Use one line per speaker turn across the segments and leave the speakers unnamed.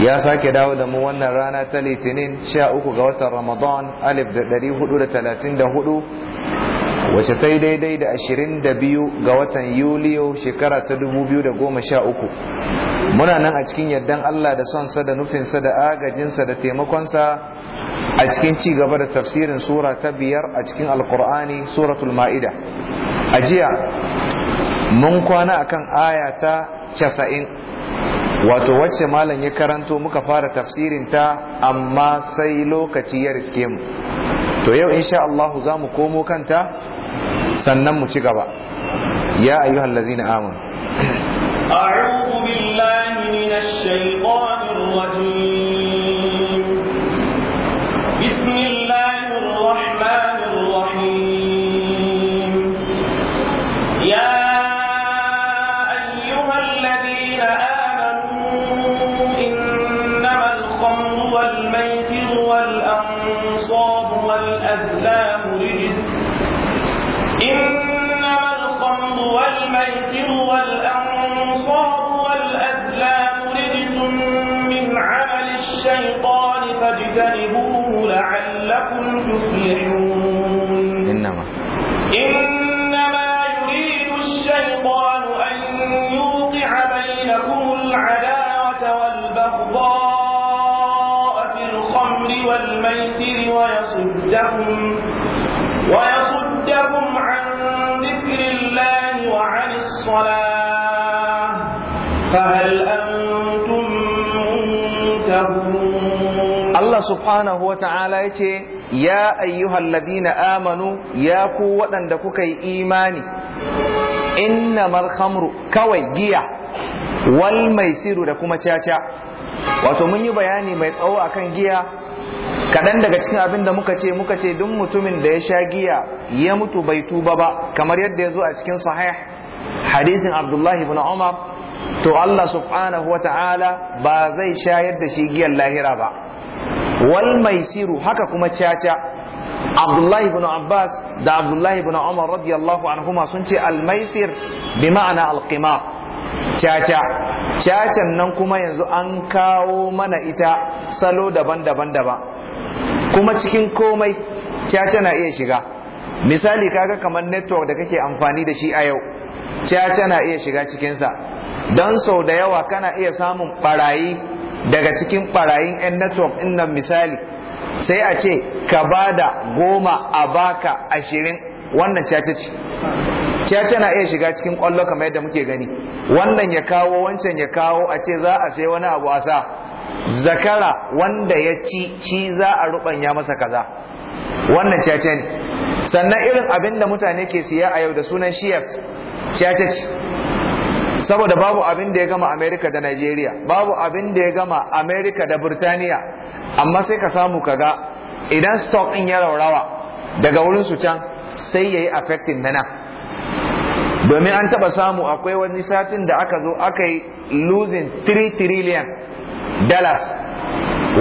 ya sake dawo da mu wannan rana ta litinin sha uku ga watan ramadan alif da ɗari hudu da talatin da hudu wace ta yi daidai da ashirin da biyu ga watan yuliyo shekara ta dubu biyu da goma sha uku muna nan a cikin yardan allah da sonsa da nufinsa da agajinsa da taimakonsa a cikin ci gaba da tafsirin sura ta biyar a cikin alkur'ani suratul ma'ida a jiya mun kwana akan aya ta casa'in wato wacce malam ya karanto muka fara tafsirin ta amma sai lokaci ya riske mu to yau insha Allah za mu komo kanta sannan mu ci gaba ya ayyuhallazina amanu Allah subhanahu wa ta'ala ya ce, Ya ladina amanu ya ku waɗanda kuka yi imani, inna marhamru kawai giya, wal mai siru da kuma caca. Wato mun yi bayani mai tsawo akan giya, kaɗan daga cikin abin da muka ce muka ce duk mutumin da ya sha giya ya mutu bai tuba ba, kamar yadda ya zo a cikin sahih hadisin Abdullahi ibn Umar to Allah subhanahu wa ta'ala ba zai sha yadda shi giyan lahira ba Walmaisiru haka kuma caca Abdullahi ibn Abbas da Abdullahi ibn Umar radiyallahu anhuma sun ce al maisir bi ma'ana al caca cacan nan kuma yanzu an kawo mana ita salo daban-daban daban kuma cikin komai caca na iya shiga misali kaga kamar network da kake amfani da shi a yau caca na iya shiga cikinsa don sau da yawa kana iya samun barayi daga cikin ɓarayin 'yan network ɗin nan misali sai a ce ka ba da goma a baka ashirin wannan caca ce caca na iya shiga cikin ƙwallo kamar yadda muke gani wannan ya kawo wancan ya kawo a ce za a sai wani abu a sa zakara wanda ya ci shi za a ruɓanya masa kaza wannan caca ne sannan irin abin da mutane ke siya a yau da sunan shiyas caca ce saboda babu abin da ya gama Amerika da Najeriya babu abin da ya gama Amerika da Burtaniya amma sai ka samu ka ga idan stock in ya raurawa daga wurin su can sai ya yi affecting na nan domin an taba samu akwai wani satin da aka zo aka yi losing 3 trillion dollars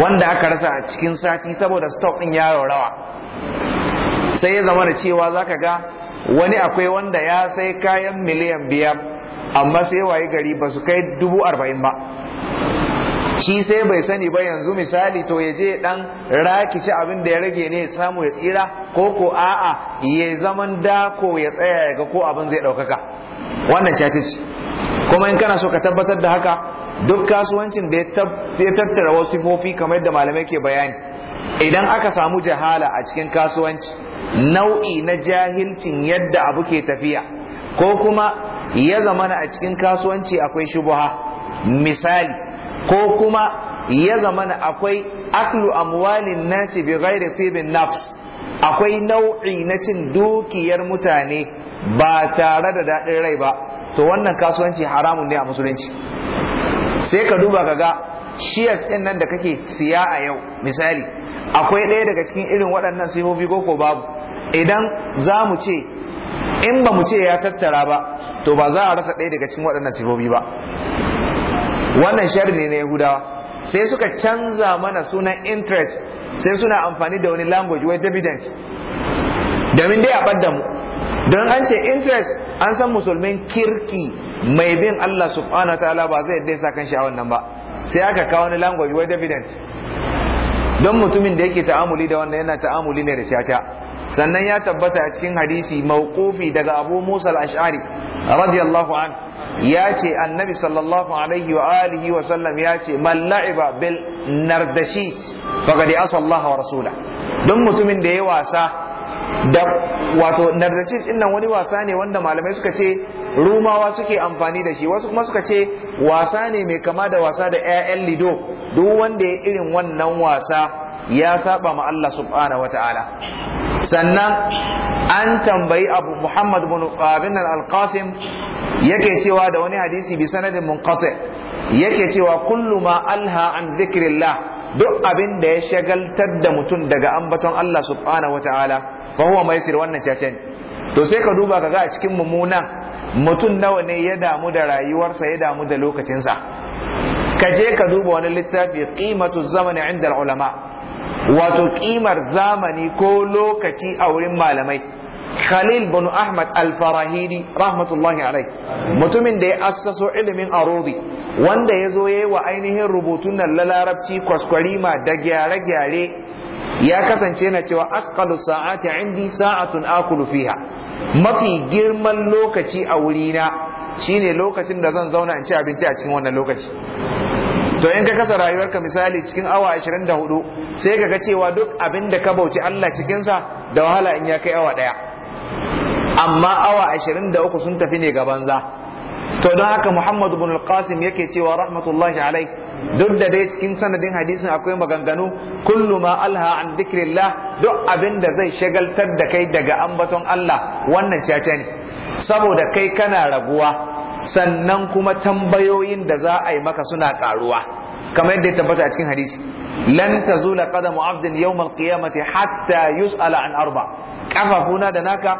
wanda aka rasa a cikin sati saboda stock in ya raurawa sai ya zama da cewa za ka ga wani akwai wanda ya sai kayan miliyan biyar amma sai waye gari ba su kai dubu arba'in ba shi sai bai sani ba yanzu misali to ya je dan rakici abin da ya rage ne ya samu ya tsira ko ko a'a ya zaman dako ya tsaya ya ga ko abin zai ɗaukaka wannan caci ce kuma in kana so ka tabbatar da haka duk kasuwancin da ya tattara wasu fofi kamar yadda malamai ke bayani idan aka samu jahala a cikin kasuwanci nau'i na jahilcin yadda abu ke tafiya ko kuma ya zamana a cikin kasuwanci akwai shubuha misali ko kuma ya zamana akwai aklu amwalin nasi bi ghairi tibin nafs akwai nau'i na cin dukiyar mutane ba tare da daɗin rai ba to wannan kasuwanci haramun ne a musulunci sai ka duba ka ga shiyas ɗin nan da kake siya a yau misali akwai ɗaya daga cikin irin waɗannan sifofi ko ko babu idan za mu ce in ba mu ce ya tattara ba to ba za a rasa ɗaya daga cikin waɗannan sifofi ba wannan shari'a ne na yahudawa sai suka canza mana sunan interest sai suna amfani da wani language wai dividends domin dai a ɓadda mu don an ce interest an san musulmin kirki mai bin Allah subhanahu wa ta'ala ba zai yadda sa kan shi nan ba sai aka kawo wani language wai dividends don mutumin da yake ta'amuli da wannan yana ta'amuli ne da caca sannan ya tabbata a cikin hadisi mawqufi daga Abu Musa al-Ash'ari radiyallahu an ya ce annabi sallallahu alaihi wa alihi wa sallam ya ce man la'iba bil nardashis faqad asa wa rasula don mutumin da ya wasa da wato nardashis din nan wani wasa ne wanda malamai suka ce rumawa suke amfani da shi wasu kuma suka ce wasa ne mai kama da wasa da 'ya'yan lido duk wanda ya irin wannan wasa ya saba ma Allah subhanahu wataala sannan an tambayi abu muhammad bin abin al-qasim yake cewa da wani hadisi bi sanadin munqati yake cewa kullu ma alha an dhikrillah duk abin da ya shagaltar da mutum daga ambaton Allah subhanahu wataala fa huwa maisir wannan cacen to sai ka duba kaga a cikin mummunan mutum nawa ne ya damu da rayuwarsa ya damu da lokacinsa ka je ka duba wani littafi qimatu zamani inda ulama wato kimar zamani ko lokaci a wurin malamai Khalil bin Ahmad al-Farahidi rahmatullahi alai mutumin da ya assaso ilimin arudi wanda ya zo ya yi wa ainihin rubutun nan la larabci kwaskwarima da gyare-gyare ya kasance na cewa asqalu sa'ati indi sa'atun akulu fiha mafi girman lokaci a wurina shine lokacin da zan zauna in ci abinci a cikin wannan lokaci to in ka kasa rayuwarka misali cikin awa 24 sai ka ga cewa duk abin da ka bauci Allah cikinsa da wahala in ya kai awa ɗaya amma awa 23 sun tafi ne ga banza to don haka Muhammad ibn al-Qasim yake cewa rahmatullahi alaihi, duk da dai cikin sanadin hadisin akwai maganganu kullu ma alha an dhikrillah duk abin da zai shagaltar da kai daga ambaton Allah wannan caca ne saboda kai kana raguwa sannan kuma tambayoyin da za a yi maka suna karuwa kamar yadda ya tabbata a cikin hadisi lan tazula qadamu abdin yawm alqiyamati hatta yus'ala an arba kafafuna da naka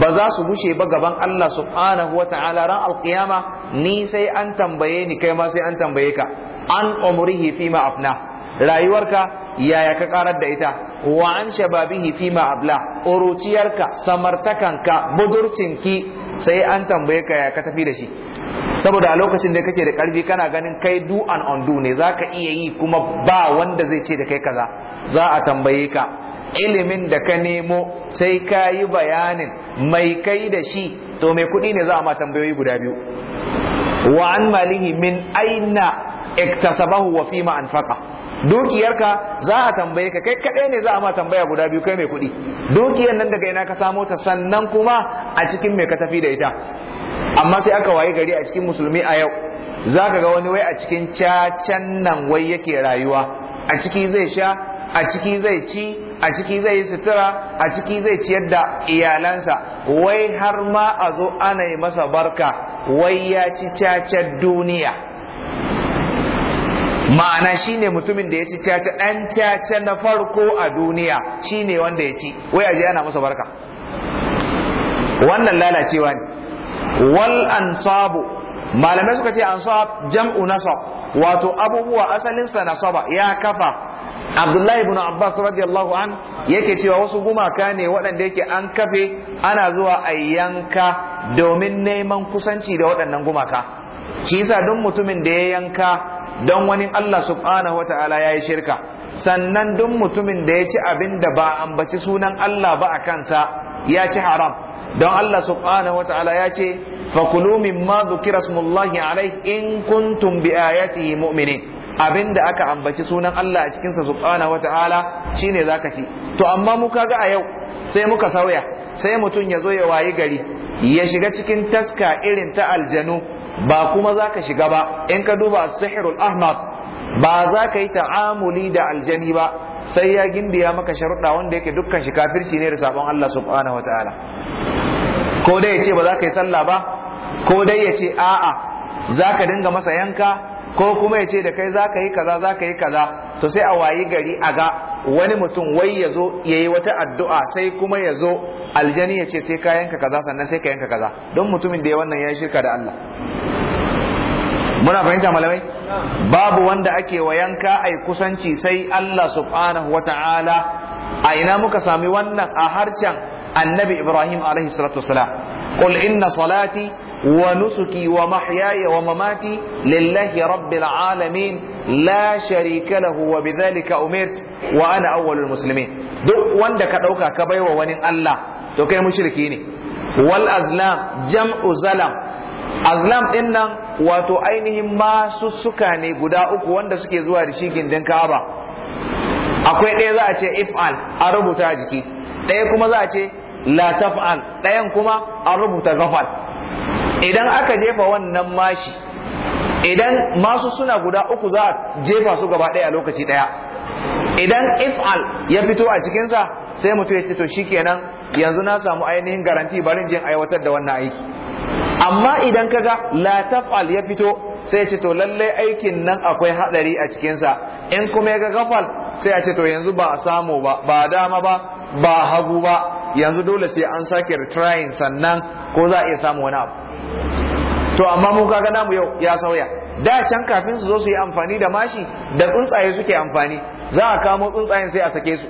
ba za su bushe ba gaban Allah subhanahu wata'ala ran alqiyama ni sai an tambaye ni kai ma sai an tambaye ka an umrihi Fima ma afna rayuwarka yaya ka karar da ita wa an shababihi fima abla uruciyarka samartakanka budurcinki sai an tambaye ka ya ka tafi da shi saboda a lokacin da kake da karfi kana ganin kai do and undo ne zaka iya yi kuma ba wanda zai ce da kai kaza za a tambaye ka ilimin da ka nemo sai ka yi bayanin mai kai da shi to mai kuɗi ne za a ma tambayoyi guda biyu wa an malihi min aina iktasabahu wa fima anfaqa dukiyarka za a tambaye ka kai kaɗai ne za a ma tambaya guda biyu kai mai kuɗi dukiyar nan daga ina ka samo ta sannan kuma a cikin mai ka tafi da ita amma sai aka waye gari a cikin musulmi a yau za ka ga wani wai a cikin cacan nan wai yake rayuwa a ciki zai sha a ciki zai ci a ciki zai yi sutura a ciki zai ciyar da iyalansa wai har ma a zo ana yi masa barka wai ya ci cacar duniya ma'ana shi ne mutumin da ya ci caca ɗan caca na farko a duniya shi ne wanda ya ci wai aje ana masa barka wannan lalacewa ne wal ansabu malamai suka ce ansab jam'u nasab wato abubuwa asalinsa nasaba ya kafa Abdullahi ibn Abbas radiyallahu an yake cewa wasu gumaka ne waɗanda yake an kafe ana zuwa a yanka domin neman kusanci da waɗannan gumaka shi yasa duk mutumin da ya yanka don wani Allah subhanahu wata'ala ya yi shirka sannan duk mutumin da ya ci abin da ba ambaci sunan Allah ba a kansa ya ci haram don Allah subhanahu wata'ala ya ce fakulu mimma dhukira smullahi alaih in kuntum bi ayatihi mu'minin abin da aka ambaci sunan Allah a cikinsa subhanahu wata'ala shine zaka ci to amma muka ga a yau sai muka sauya sai mutum ya zo ya wayi gari ya shiga cikin taska irin ta aljanu ba kuma za ka shiga ba in ka duba sihirul ahmad ba za ka yi ta'amuli da aljani ba sai ya gindiya maka sharuɗa wanda yake dukkan shi kafirci ne da sabon Allah subhanahu wataala ko dai ya ce ba za ka yi sallah ba ko dai ya ce a'a za ka dinga masa yanka ko kuma ya ce da kai za ka yi kaza za ka yi kaza to sai a wayi gari a ga wani mutum wai ya zo ya yi wata addu'a sai kuma ya zo aljani ya ce sai ka yanka kaza sannan sai ka yanka kaza don mutumin da ya wannan ya shirka da Allah muna fahimta malamai babu wanda ake wa yanka ai kusanci sai Allah subhanahu wata'ala a ina muka sami wannan a harcen annabi Ibrahim alaihi salatu wasalam qul inna salati wa nusuki wa mahyaya wa mamati lillahi rabbil alamin la sharika lahu wa bidhalika umirt wa ana awwalul muslimin duk wanda ka dauka ka baiwa wani Allah to kai mushriki ne wal azlam jam'u zalam azlam din nan wato ainihin masu suka ne guda uku wanda suke zuwa da shi gindin Ka'aba akwai ɗaya za a ce if'al a rubuta jiki ɗaya kuma za a ce la taf'al ɗayan kuma a rubuta gafal idan aka jefa wannan mashi idan masu suna guda uku za a jefa su gaba ɗaya lokaci ɗaya idan if'al ya fito a cikinsa sai mutum ya ce to shi shikenan yanzu na samu ainihin garanti barin jin aiwatar da wannan aiki amma idan kaga la taf'al ya fito sai ya ce to lallai aikin nan akwai hadari a cikinsa in kuma ya ga gafal sai ya ce to yanzu ba a samu ba ba dama ba ba hagu ba yanzu dole sai an sake retrying sannan ko za a iya samu wani abu to amma mu kaga namu yau ya sauya da can kafin su zo su yi amfani da mashi da tsuntsaye suke amfani za a kamo tsuntsayen sai a sake su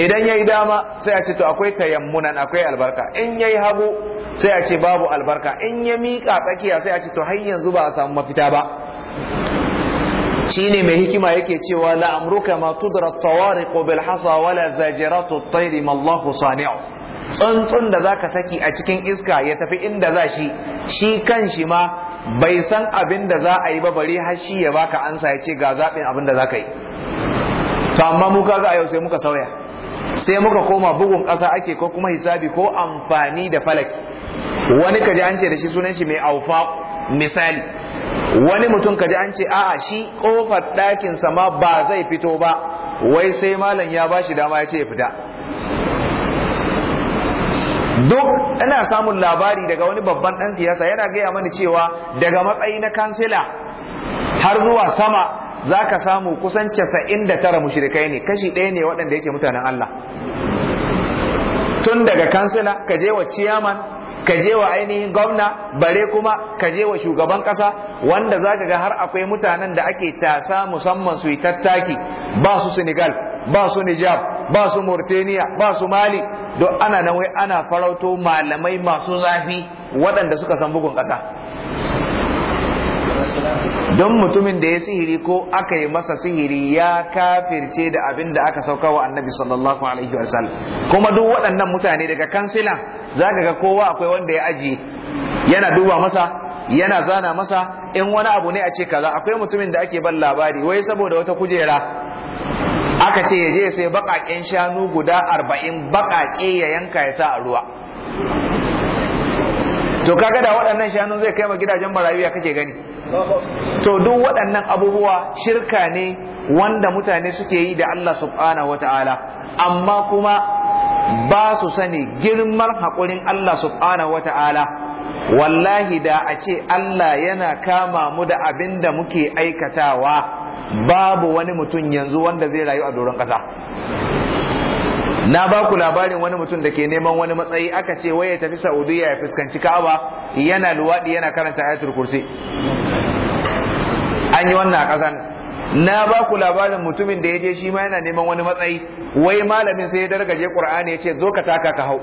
idan yayi dama sai a ce to akwai tayammunan akwai albarka in yayi hagu sai a ce babu albarka in ya miƙa tsakiya sai a ce to har yanzu ba a samu mafita ba shine mai hikima yake cewa la amruka ma tudra tawariqu bil hasa wala zajiratu at-tayr ma Allahu sani'u tsuntsun da zaka saki a cikin iska ya tafi inda za shi shi kanshi ma bai san abin da za a yi ba bare har shi ya baka ansa ya ce ga zaɓin abin da za ka yi to amma mu kaga a yau sai muka sauya sai muka koma bugun ƙasa ake ko kuma hisabi ko amfani da falaki wani kaji an ce da shi sunan shi mai aufa misali wani mutum kaji an ce a'a shi kofar ɗakin sama ba zai fito ba wai sai malam ya ba shi dama ya ce ya fita duk ina samun labari daga wani babban ɗan siyasa yana gaya mani cewa daga matsayi na kansila har zuwa sama za ka samu kusan casa'in da tara mushrikai ne kashi ɗaya ne waɗanda yake mutanen Allah tun daga kansila ka je wa ciyaman ka je wa ainihin gwamna bare kuma ka je wa shugaban ƙasa wanda za ka ga har akwai mutanen da ake tasa musamman su tattaki ba su Senegal ba su Nijar ba su Mauritania ba su Mali don ana nan wai ana farauto malamai masu zafi waɗanda suka san bugun ƙasa don mutumin da ya sihiri ko aka yi masa sihiri ya kafirce da abin da aka sauka wa annabi sallallahu alaihi wasallam kuma duk waɗannan mutane daga kansila za ga kowa akwai wanda ya aji yana duba masa yana zana masa in wani abu ne a ce kaza akwai mutumin da ake ban labari wai saboda wata kujera aka ce ya je sai baƙaƙen shanu guda arba'in baƙaƙe ya yanka ya sa a ruwa to kaga da waɗannan shanu zai kai ma gidajen marayu ya kake gani to duk waɗannan abubuwa shirka ne wanda mutane suke yi da Allah subhanahu wataala amma kuma ba su sani girman haƙurin Allah subhanahu wataala
wallahi
da a ce Allah yana kama mu da abin da muke aikatawa babu wani mutum yanzu wanda zai rayu a doron ƙasa na ba ku labarin wani mutum da ke neman wani matsayi aka ce wai ya tafi Saudiya ya fuskanci Ka'aba yana luwaɗi, yana karanta ayatul kursi an yi wannan a ƙasan na ba ku labarin mutumin da ya je shi ma yana neman wani matsayi wai malamin sai ya dargaje qur'ani ya ce zo ka taka ka hau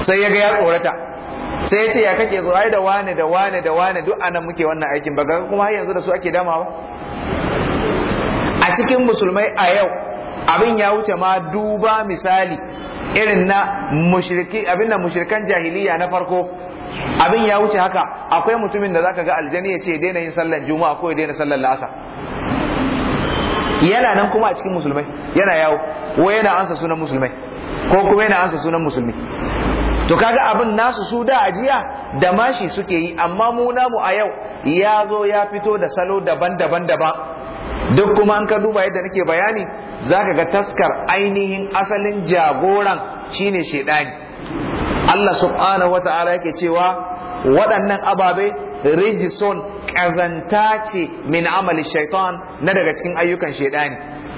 sai ya ga ya tsorata sai ya ce ya kake zo ai da wane da wane da wane duk anan muke wannan aikin ba ga kuma har yanzu da su ake damawa a cikin musulmai a yau abin ya wuce ma duba misali irin na mushriki abin jahiliya na farko abin ya wuce haka akwai mutumin da zaka ga aljani ya ce daina yin sallan juma'a ko ya daina sallan la'asa yana nan kuma a cikin musulmai yana yawo ko yana ansa sunan musulmai ko kuma yana ansa sunan musulmi to kaga abin nasu su da ajiya da mashi suke yi amma mu namu a yau ya zo ya fito da salo daban-daban daban duk kuma an ka duba yadda nake bayani zaka ga taskar ainihin asalin jagoran shine shedani Allah subhanahu wata'ala yake cewa waɗannan ababe rijison ƙazanta ce min amali shaitan na daga cikin ayyukan shaidani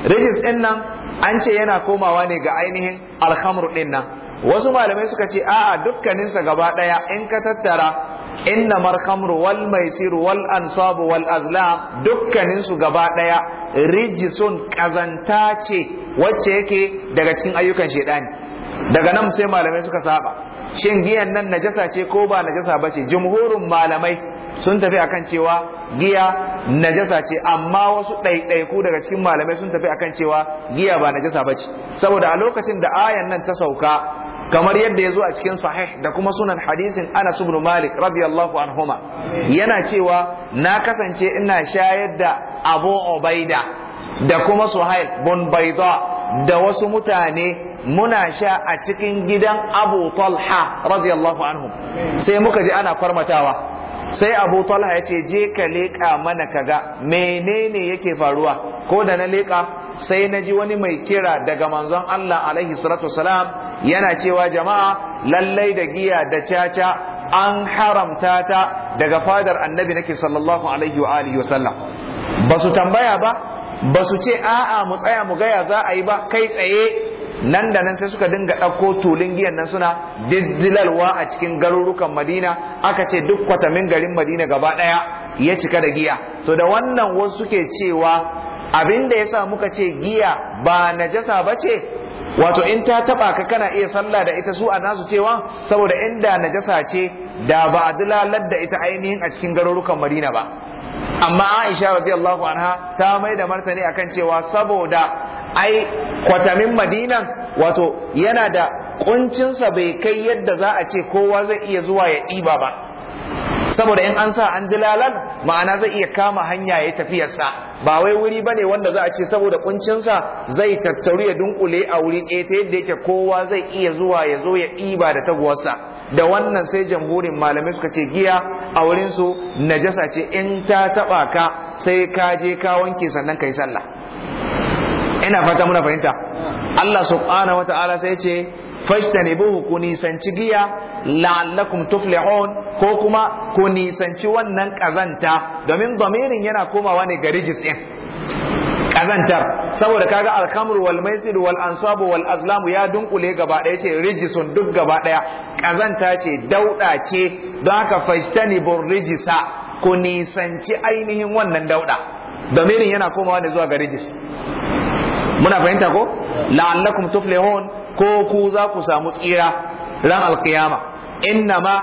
rijis ɗin nan an ce yana komawa ne ga ainihin alhamru ɗin nan wasu malamai suka ce a'a dukkaninsa gaba ɗaya in ka tattara inna marhamru wal maisiru wal ansabu wal azlam dukkaninsu gaba ɗaya rijisun ƙazanta ce wacce yake daga cikin ayyukan shaidani daga nan sai malamai suka saba shin giyan nan najasa ce ko ba najasa ba ce jumhurin malamai sun tafi akan cewa giya najasa ce amma wasu ɗaiɗaiku daga cikin malamai sun tafi akan cewa giya ba najasa ba ce saboda a lokacin da ayan nan ta sauka kamar yadda ya zo a cikin sahih da kuma sunan hadisin Anas ibn Malik radiyallahu anhuma yana cewa na kasance ina shayar da Abu Ubaida da kuma Suhail bin Baida da wasu mutane muna sha a cikin gidan Abu Talha radiyallahu anhu sai muka ji ana kwarmatawa sai Abu Talha ya ce je ka leƙa mana kaga menene yake faruwa ko da na leƙa sai na ji wani mai kira daga manzon Allah alaihi salatu wasalam yana cewa jama'a lallai da giya da caca an haramta ta daga fadar annabi nake sallallahu alaihi wa alihi wasallam ba su tambaya ba ba su ce a'a mu tsaya mu gaya za a yi ba kai tsaye nan da nan sai suka dinga ɗauko tulun giyan nan suna diddilarwa a cikin garurukan madina aka ce duk kwatamin garin madina gaba ɗaya ya cika da giya to da wannan wasu suke cewa abin da sa muka ce giya ba najasa ba ce wato in ta taɓa ka kana iya sallah da ita su a nasu cewa saboda inda najasa ce da ba a dilalar da ita ainihin a cikin garurukan madina ba amma aisha radiyallahu anha ta mai da martani akan cewa saboda ai kwatamin madinan wato yana da kuncinsa bai kai yadda za a ce kowa zai iya zuwa ya ɗiba ba saboda in an sa an dilalan ma'ana zai iya kama hanya ya tafiyarsa ba wai wuri ba ne wanda za a ce saboda kuncinsa zai tattaru ya dunkule a wuri ɗaya ta yadda yake kowa zai iya zuwa ya zo ya ɗiba da taguwarsa da wannan sai jamhurin malamai suka ce giya a wurinsu najasa ce in ta taɓa ka sai ka je ka wanke sannan ka yi sallah ina fata muna fahimta Allah subhanahu Ta'ala sai ce fashtanibuhu ku nisanci giya la'allakum tuflihun ko kuma ku nisanci wannan kazanta domin zamirin yana komawa ne ga jisin din kazantar saboda kaga al-khamr wal maisir wal ansab wal azlam ya dunkule gaba daya ce rijisun duk gaba daya kazanta ce dauda ce don haka fashtanibur rijisa ku nisanci ainihin wannan dauda zamirin yana komawa ne zuwa ga rijis muna fahimta ko la'allakum tuflihun ko ku za ku samu tsira ran alqiyama inna ma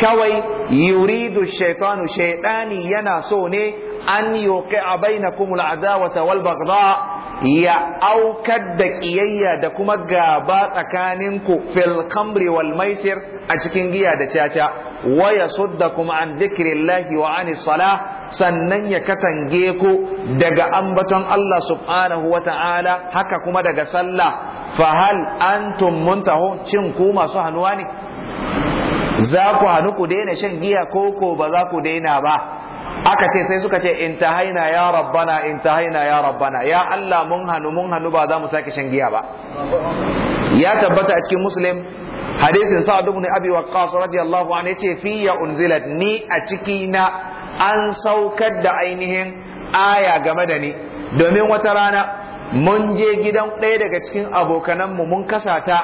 kawai yuridu shaytanu shaytani yana so ne an yuqi'a bainakum al'adawa wal baghdha ya aukar da ƙiyayya da kuma gaba tsakanin fil khamri wal maisir a cikin giya da caca wa yasuddakum an zikirillahi wa an salah sannan ya katange ku daga ambaton Allah subhanahu wa ta'ala haka kuma daga sallah fa hal antum muntahu cin ku masu hannuwa ne za ku hannu ku daina shan giya koko ba za ku daina ba aka ce sai suka ce in ta haina ya rabbana haina ya rabbana ya Allah mun hannu mun hannu ba za mu sake shan giya ba ya tabbata a cikin muslim hadisin sa'ad ibn abi waqqas radiyallahu anhu yace fiya unzilat ni a ciki na an saukar da ainihin aya game da ni domin wata rana mun je gidan ɗaya daga cikin abokananmu mun kasata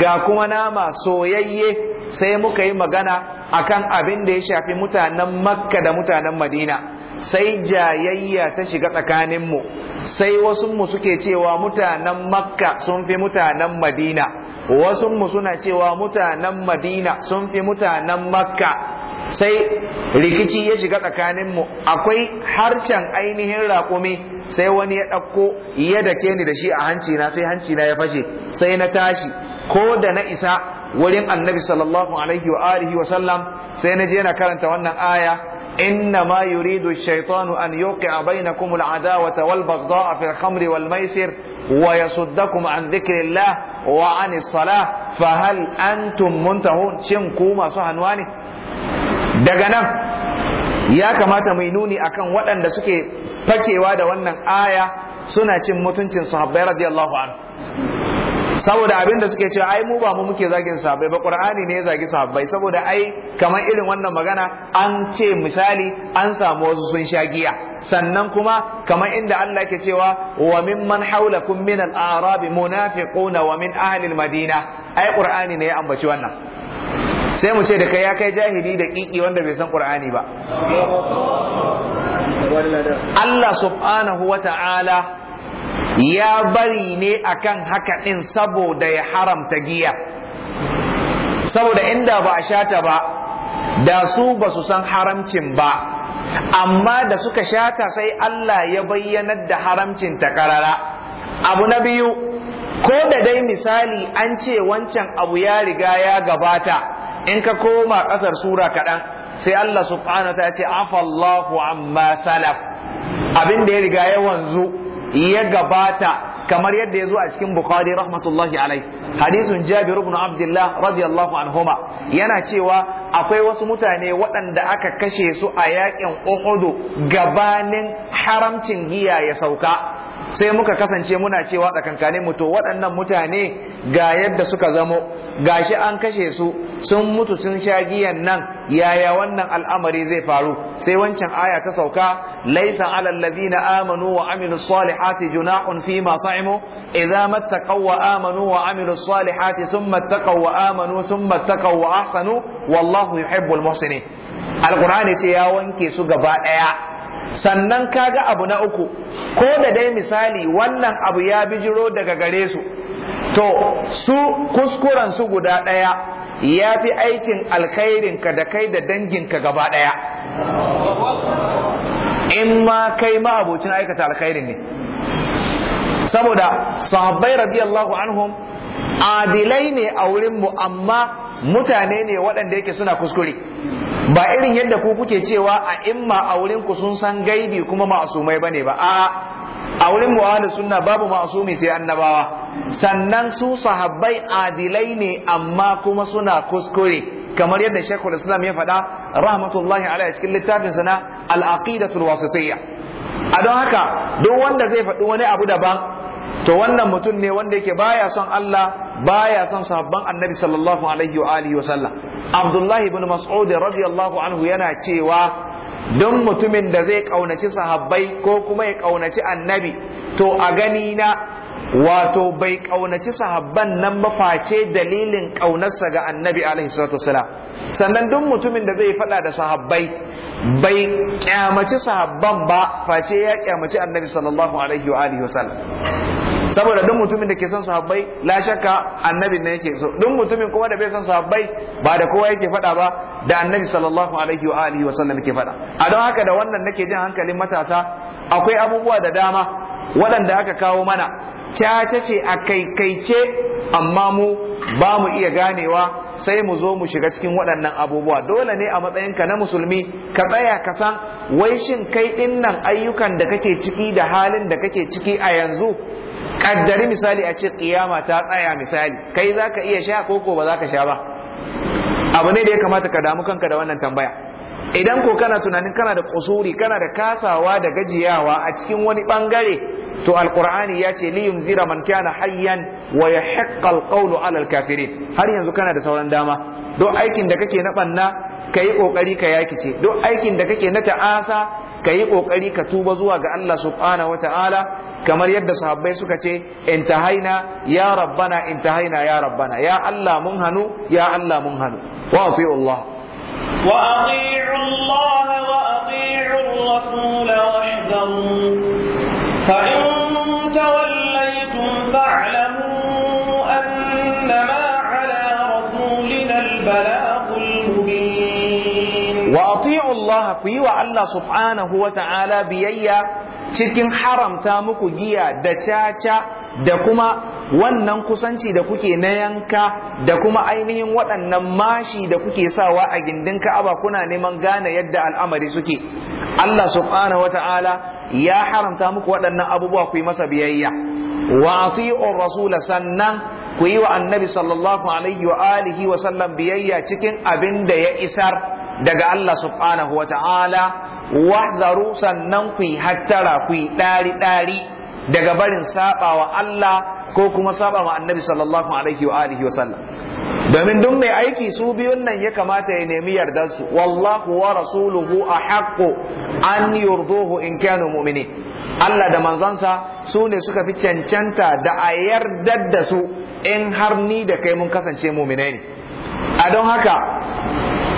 ga kuma nama soyayye sai muka yi magana akan abin da ya shafi mutanen makka da mutanen madina sai jayayya ta shiga tsakaninmu sai wasunmu suke cewa mutanen makka sun fi mutanen madina wasunmu suna cewa mutanen madina sun fi mutanen makka sai rikici ya shiga tsakaninmu akwai harshen ainihin raƙumi sai wani ya ɗauko ya dake ni da shi a hancina sai hancina ya fashe sai na tashi ko da na isa wurin annabi sallallahu alaihi wa wa sallam sai na je na karanta wannan aya inna ma yuridu ash-shaytanu an yuqi'a bainakum al-adawata wal baghdha'a fil khamri wal maisir wa yasuddakum an dhikrillah wa an as-salah fa hal antum muntahun shin ku masu hannuwa ne daga nan ya kamata mai nuni akan waɗanda suke fakewa da wannan aya suna cin mutuncin sahabbai radiyallahu anhu saboda abin da suke cewa ai mu ba mu muke zagin sahabbai ba qur'ani ne ya zagi sahabbai saboda ai kamar irin wannan magana an ce misali an samu wasu sun sha giya sannan kuma kamar inda Allah ke cewa wa mimman haulakum min al-a'rab munafiquna wa min ahli al-madina ai qur'ani ne ya ambaci wannan sai mu ce da kai ya kai jahili da kiki wanda bai san qur'ani ba Allah subhanahu wa ta'ala ya bari ne akan haka ɗin saboda ya haramta giya saboda inda ba a shata ba da su ba su san haramcin ba amma da suka shata sai Allah ya bayyanar da haramcin ta karara abu na biyu ko da dai misali an ce wancan abu ya riga ya gabata in ka koma ƙasar sura kaɗan sai Allah subhanahu ta ce afallahu amma salaf abin da ya riga ya wanzu ya gabata kamar yadda ya zo a cikin bukhari rahmatullahi alai hadisin jabir ibn abdullah radiyallahu anhuma yana cewa akwai wasu mutane waɗanda aka kashe su a yaƙin uhudu gabanin haramcin giya ya sauka sai muka kasance muna cewa tsakankanin mu to waɗannan mutane ga yadda suka zamo gashi an kashe su sun mutu sun sha giyan nan yaya wannan al'amari zai faru sai wancan aya ta sauka laisan alal ladina amanu wa amilus salihati junahun fi ma ta'imu idza mattaqaw wa amanu wa amilus salihati thumma ittaqaw wa amanu thumma ittaqaw wa ahsanu wallahu yuhibbul muhsinin alqur'ani ce ya wanke su gaba daya sannan kaga abu na uku ko da dai misali wannan abu ya bijiro daga gare su to su kuskuren su guda ɗaya ya fi aikin alkhairin ka da kai da dangin ka gaba ɗaya in ma kai ma abocin aikata alkhairin ne saboda sahabbai radiyallahu anhum adilai ne a wurin mu amma mutane ne waɗanda yake suna kuskure ba irin yadda ku kuke cewa a imma a wurin ku sun san gaibi kuma ma'asumai bane ba a a wurin mu da sunna babu ma'asumi sai annabawa sannan su sahabbai adilai ne amma kuma suna kuskure kamar yadda shekul islam ya faɗa rahmatullahi alaihi cikin littafin sana al-aqidatul wasitiyya a don haka duk wanda zai faɗi wani abu daban to wannan mutum ne wanda yake baya son Allah baya son sahabban annabi sallallahu alaihi wa alihi wa sallam abdullahi ibn mas'ud radiyallahu anhu yana cewa don mutumin da zai kaunaci sahabbai ko kuma ya kaunaci annabi to a gani na wato bai kaunaci sahabban nan ba face dalilin kaunarsa ga annabi alaihi salatu wasalam sannan duk mutumin da zai fada da sahabbai bai kyamaci sahabban ba face ya kyamaci annabi sallallahu alaihi wa alihi sallam saboda duk mutumin da ke son sahabbai la shakka annabi ne yake so duk mutumin kuma da bai son sahabbai ba da kowa yake faɗa ba da annabi sallallahu alaihi wa alihi wa sallam yake faɗa a don haka da wannan nake jin hankalin matasa akwai abubuwa da dama waɗanda aka kawo mana cace ce a kaikaice amma mu ba mu iya ganewa sai mu zo mu shiga cikin waɗannan abubuwa dole ne a matsayinka na musulmi ka tsaya ka san wai shin kai ɗinnan ayyukan da kake ciki da halin da kake ciki a yanzu kaddari misali a ce kiyama ta tsaya misali kai za ka iya sha koko ba za ka sha ba abu ne da ya kamata ka damu kanka da wannan tambaya idan ko kana tunanin kana da kusuri kana da kasawa da gajiyawa a cikin wani bangare to alqur'ani ya ce li yunzira man kana hayyan wa yahiqqa alqawlu ala alkafirin har yanzu kana da sauran dama don aikin da kake na banna ka yi ƙoƙari ka ce. duk aikin da kake na ta'asa ka yi ƙoƙari ka tuba zuwa ga Allah subhanahu wa ta'ala kamar yadda sahabbai suka ce in ta haina ya rabbana haina ya rabbana ya Allah mun hannu, ya Allah mun hannu. wa ati'u Allah
wa ati'u Allah wa ati'u Rasul wa ihdaru fa in Allah ku
yi wa Allah subhanahu wa ta'ala biyayya cikin haramta muku giya da caca da kuma wannan kusanci da kuke na yanka da kuma ainihin waɗannan mashi da kuke sawa a gindin Ka'aba kuna neman gane yadda al'amari suke Allah subhanahu wa ta'ala ya haramta muku waɗannan abubuwa ku yi masa biyayya wa ati'ur rasul sannan ku yi wa annabi sallallahu alaihi wa alihi wa sallam biyayya cikin abin da ya isar daga Allah subhanahu wa ta'ala wahzaru sannan ku hattara ku ɗari ɗari daga barin saba wa Allah ko kuma saba wa annabi sallallahu alaihi wa alihi wa sallam domin duk mai aiki su biyun nan ya kamata ya nemi yardar su wallahu wa rasuluhu ahaqqu an yurduhu in kanu mumini Allah da manzansa su ne suka fi cancanta da a yardar da su in har ni da kai mun kasance mu'minai ne a don haka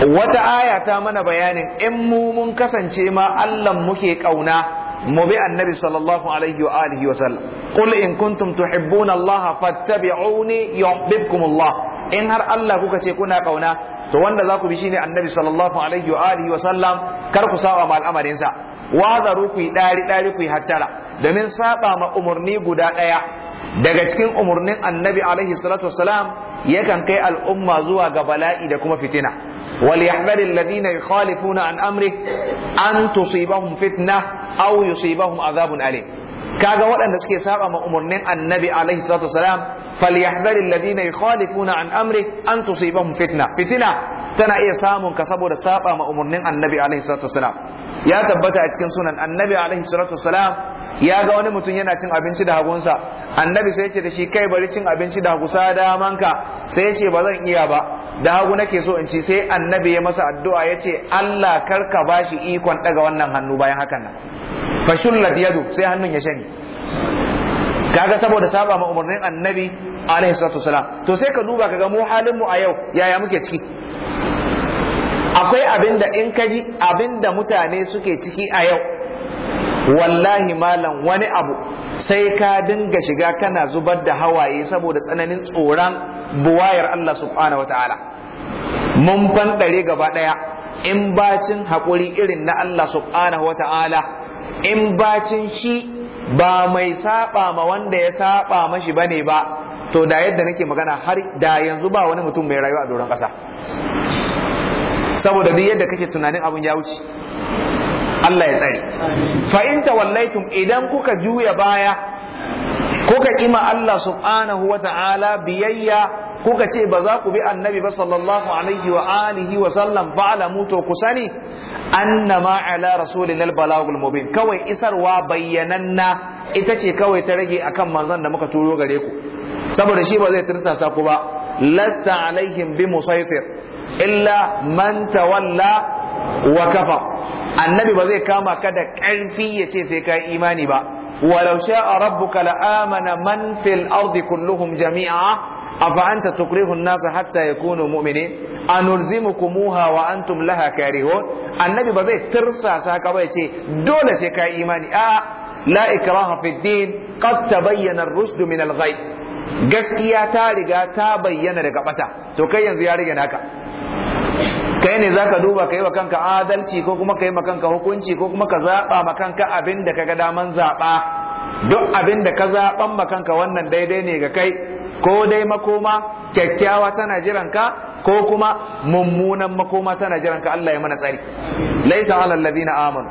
wata aya ta mana bayanin in mu mun kasance ma Allah muke kauna mu bi annabi sallallahu alaihi wa alihi wa sallam qul in kuntum tuhibbuna Allah fattabi'uni yuhibbukum Allah in har Allah kuka ce kuna kauna to wanda za ku bi shine annabi sallallahu alaihi wa alihi wa sallam kar ku saba ma al'amarinsa sa wazaru ku yi dari dari ku hattara domin saba ma umurni guda daya daga cikin umurnin annabi alaihi salatu wasalam yakan kai al'umma zuwa ga bala'i da kuma fitina وليحذر الذين يخالفون عن أمره أن تصيبهم فتنة أو يصيبهم عذاب أليم kaga waɗanda suke saba ma umarnin annabi alaihi salatu wasalam falyahdharil ladina yukhalifuna an amri an tusibahum fitna fitina tana iya samun ka saboda saba ma umarnin annabi alaihi salatu wasalam ya tabbata a cikin sunan annabi alaihi salatu wasalam ya ga wani mutum yana cin abinci da hagunsa annabi sai ce da shi kai bari cin abinci da hagusa manka sai ya ce ba zan iya ba da hagu nake so in ci sai annabi ya masa addu'a ya ce Allah kar ka shi ikon daga wannan hannu bayan hakan nan fa shullat yadu sai hannun ya shani kaga saboda saba ma umarnin annabi alaihi salatu wasalam to sai ka duba kaga mu halin mu a yau yaya muke ciki akwai abinda in kaji abinda mutane suke ciki a yau wallahi malam wani abu sai ka dinga shiga kana zubar da hawaye saboda tsananin tsoron buwayar Allah subhanahu wataala mun dare gaba ɗaya in bacin haƙuri irin na Allah subhanahu wataala in bacin shi ba mai saba ma wanda ya saba mashi bane ba to da yadda nake magana har da yanzu ba wani mutum mai rayuwa a doron ƙasa saboda duk yadda kake tunanin abun ya wuce Allah ya tsare fa tawallaitum idan kuka juya baya kuka kima Allah subhanahu wa ta'ala biyayya kuka ce ba za ku bi annabi ba sallallahu alaihi wa alihi wa sallam fa'alamu to ku sani annama ala rasulina balagul mubin kawai isarwa bayyananna ita ce kawai ta rage akan manzon da muka turo gare ku saboda shi ba zai tirsasa ku ba lasta alaihim bi musaitir illa man tawalla wa kafa annabi ba zai kama ka da ƙarfi ya ce sai ka yi imani ba walau sha a rabbuka la'amana man fil ardi jami'a afa anta tukrihun nasa hatta yakunu mu'mini anurzimukumuha wa antum laha karihun annabi ba zai tirsa saka ba ya ce dole sai ka yi imani A'a la ikraha fi din qad tabayyana ar-rusd gaskiya ta riga ta bayyana daga bata to kai yanzu ya rage naka kai ne zaka duba kai wa kanka adalci ko kuma kai ma kanka hukunci ko kuma ka zaba ma kanka abin da kaga daman zaba duk abin da ka zaban ma kanka wannan daidai ne ga kai ko dai makoma kyakkyawa tana jiran ka ko kuma mummunan makoma tana jiran ka Allah ya mana tsari laisa ala alladhina amanu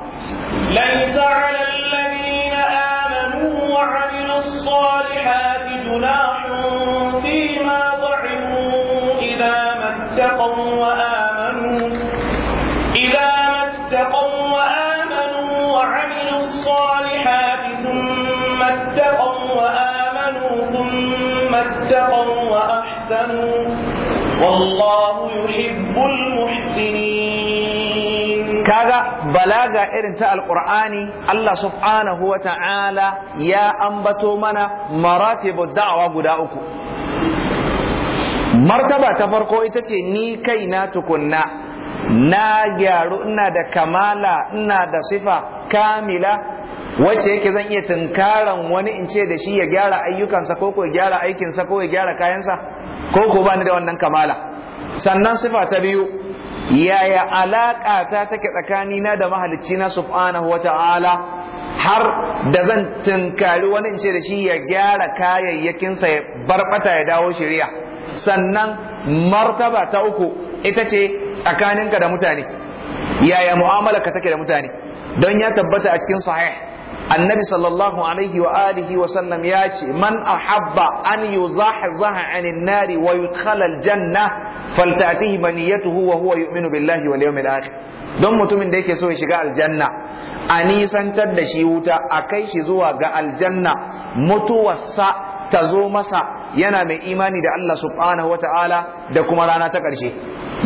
laisa ala alladhina amanu wa amilus salihati junahun fima ta'imu idza mattaqu wa amanu اتقوا وأحسنوا kaga
balaga irin ta alqur'ani Allah subhanahu wa ta'ala ya ambato mana maratibu da'awa guda uku martaba ta farko ita ce ni kaina tukunna na gyaru ina da kamala ina da sifa kamila wacce yake zan iya tunkaran wani in ce da shi ya gyara ayyukansa ko ko ya gyara aikinsa ko ya gyara kayansa ko ko bani da wannan kamala sannan sifa ta biyu yaya alaƙa ta take tsakanina da mahalicci subhanahu wa ta'ala har da zan tunkari wani in ce da shi ya gyara kayayyakinsa ya barbata ya dawo shirya sannan martaba ta uku ita ce tsakaninka da mutane yaya mu'amala ka take da mutane don ya tabbata a cikin sahih annabi sallallahu alaihi wa alihi wa sallam ya ce man ahabba an yuzahzaha anin nari wa yudkhala aljanna faltatihi maniyatuhu wa huwa yu'minu billahi wal yawmil akhir don mutumin da yake so ya shiga aljanna a nisantar da shi wuta a kai shi zuwa ga aljanna mutuwarsa ta zo masa yana mai imani da Allah subhanahu wata'ala da kuma rana ta ƙarshe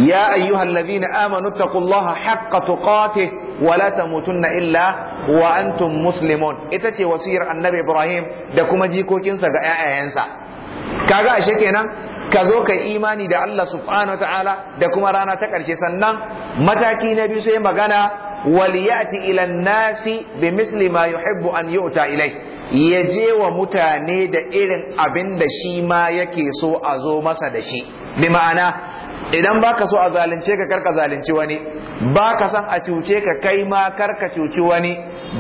ya ayyuhal ladina amanu taqullaha haqqa tuqatih wala tamutunna illa wa antum muslimun ita ce wasiyar annabi Ibrahim da kuma jikokinsa ga ƴaƴayensa kaga ashe kenan ka zo ka imani da Allah subhanahu wataala da kuma rana ta ƙarshe sannan mataki na biyu sai magana waliyati ila nasi bi misli ma yuhibbu an yu'ta ilai ya je wa mutane da irin abin da shi ma yake so a zo masa da shi bi ma'ana idan ba ka so a zalunce ka karka zalunci wani ba ka san a cuce ka kai ma karka cuci wani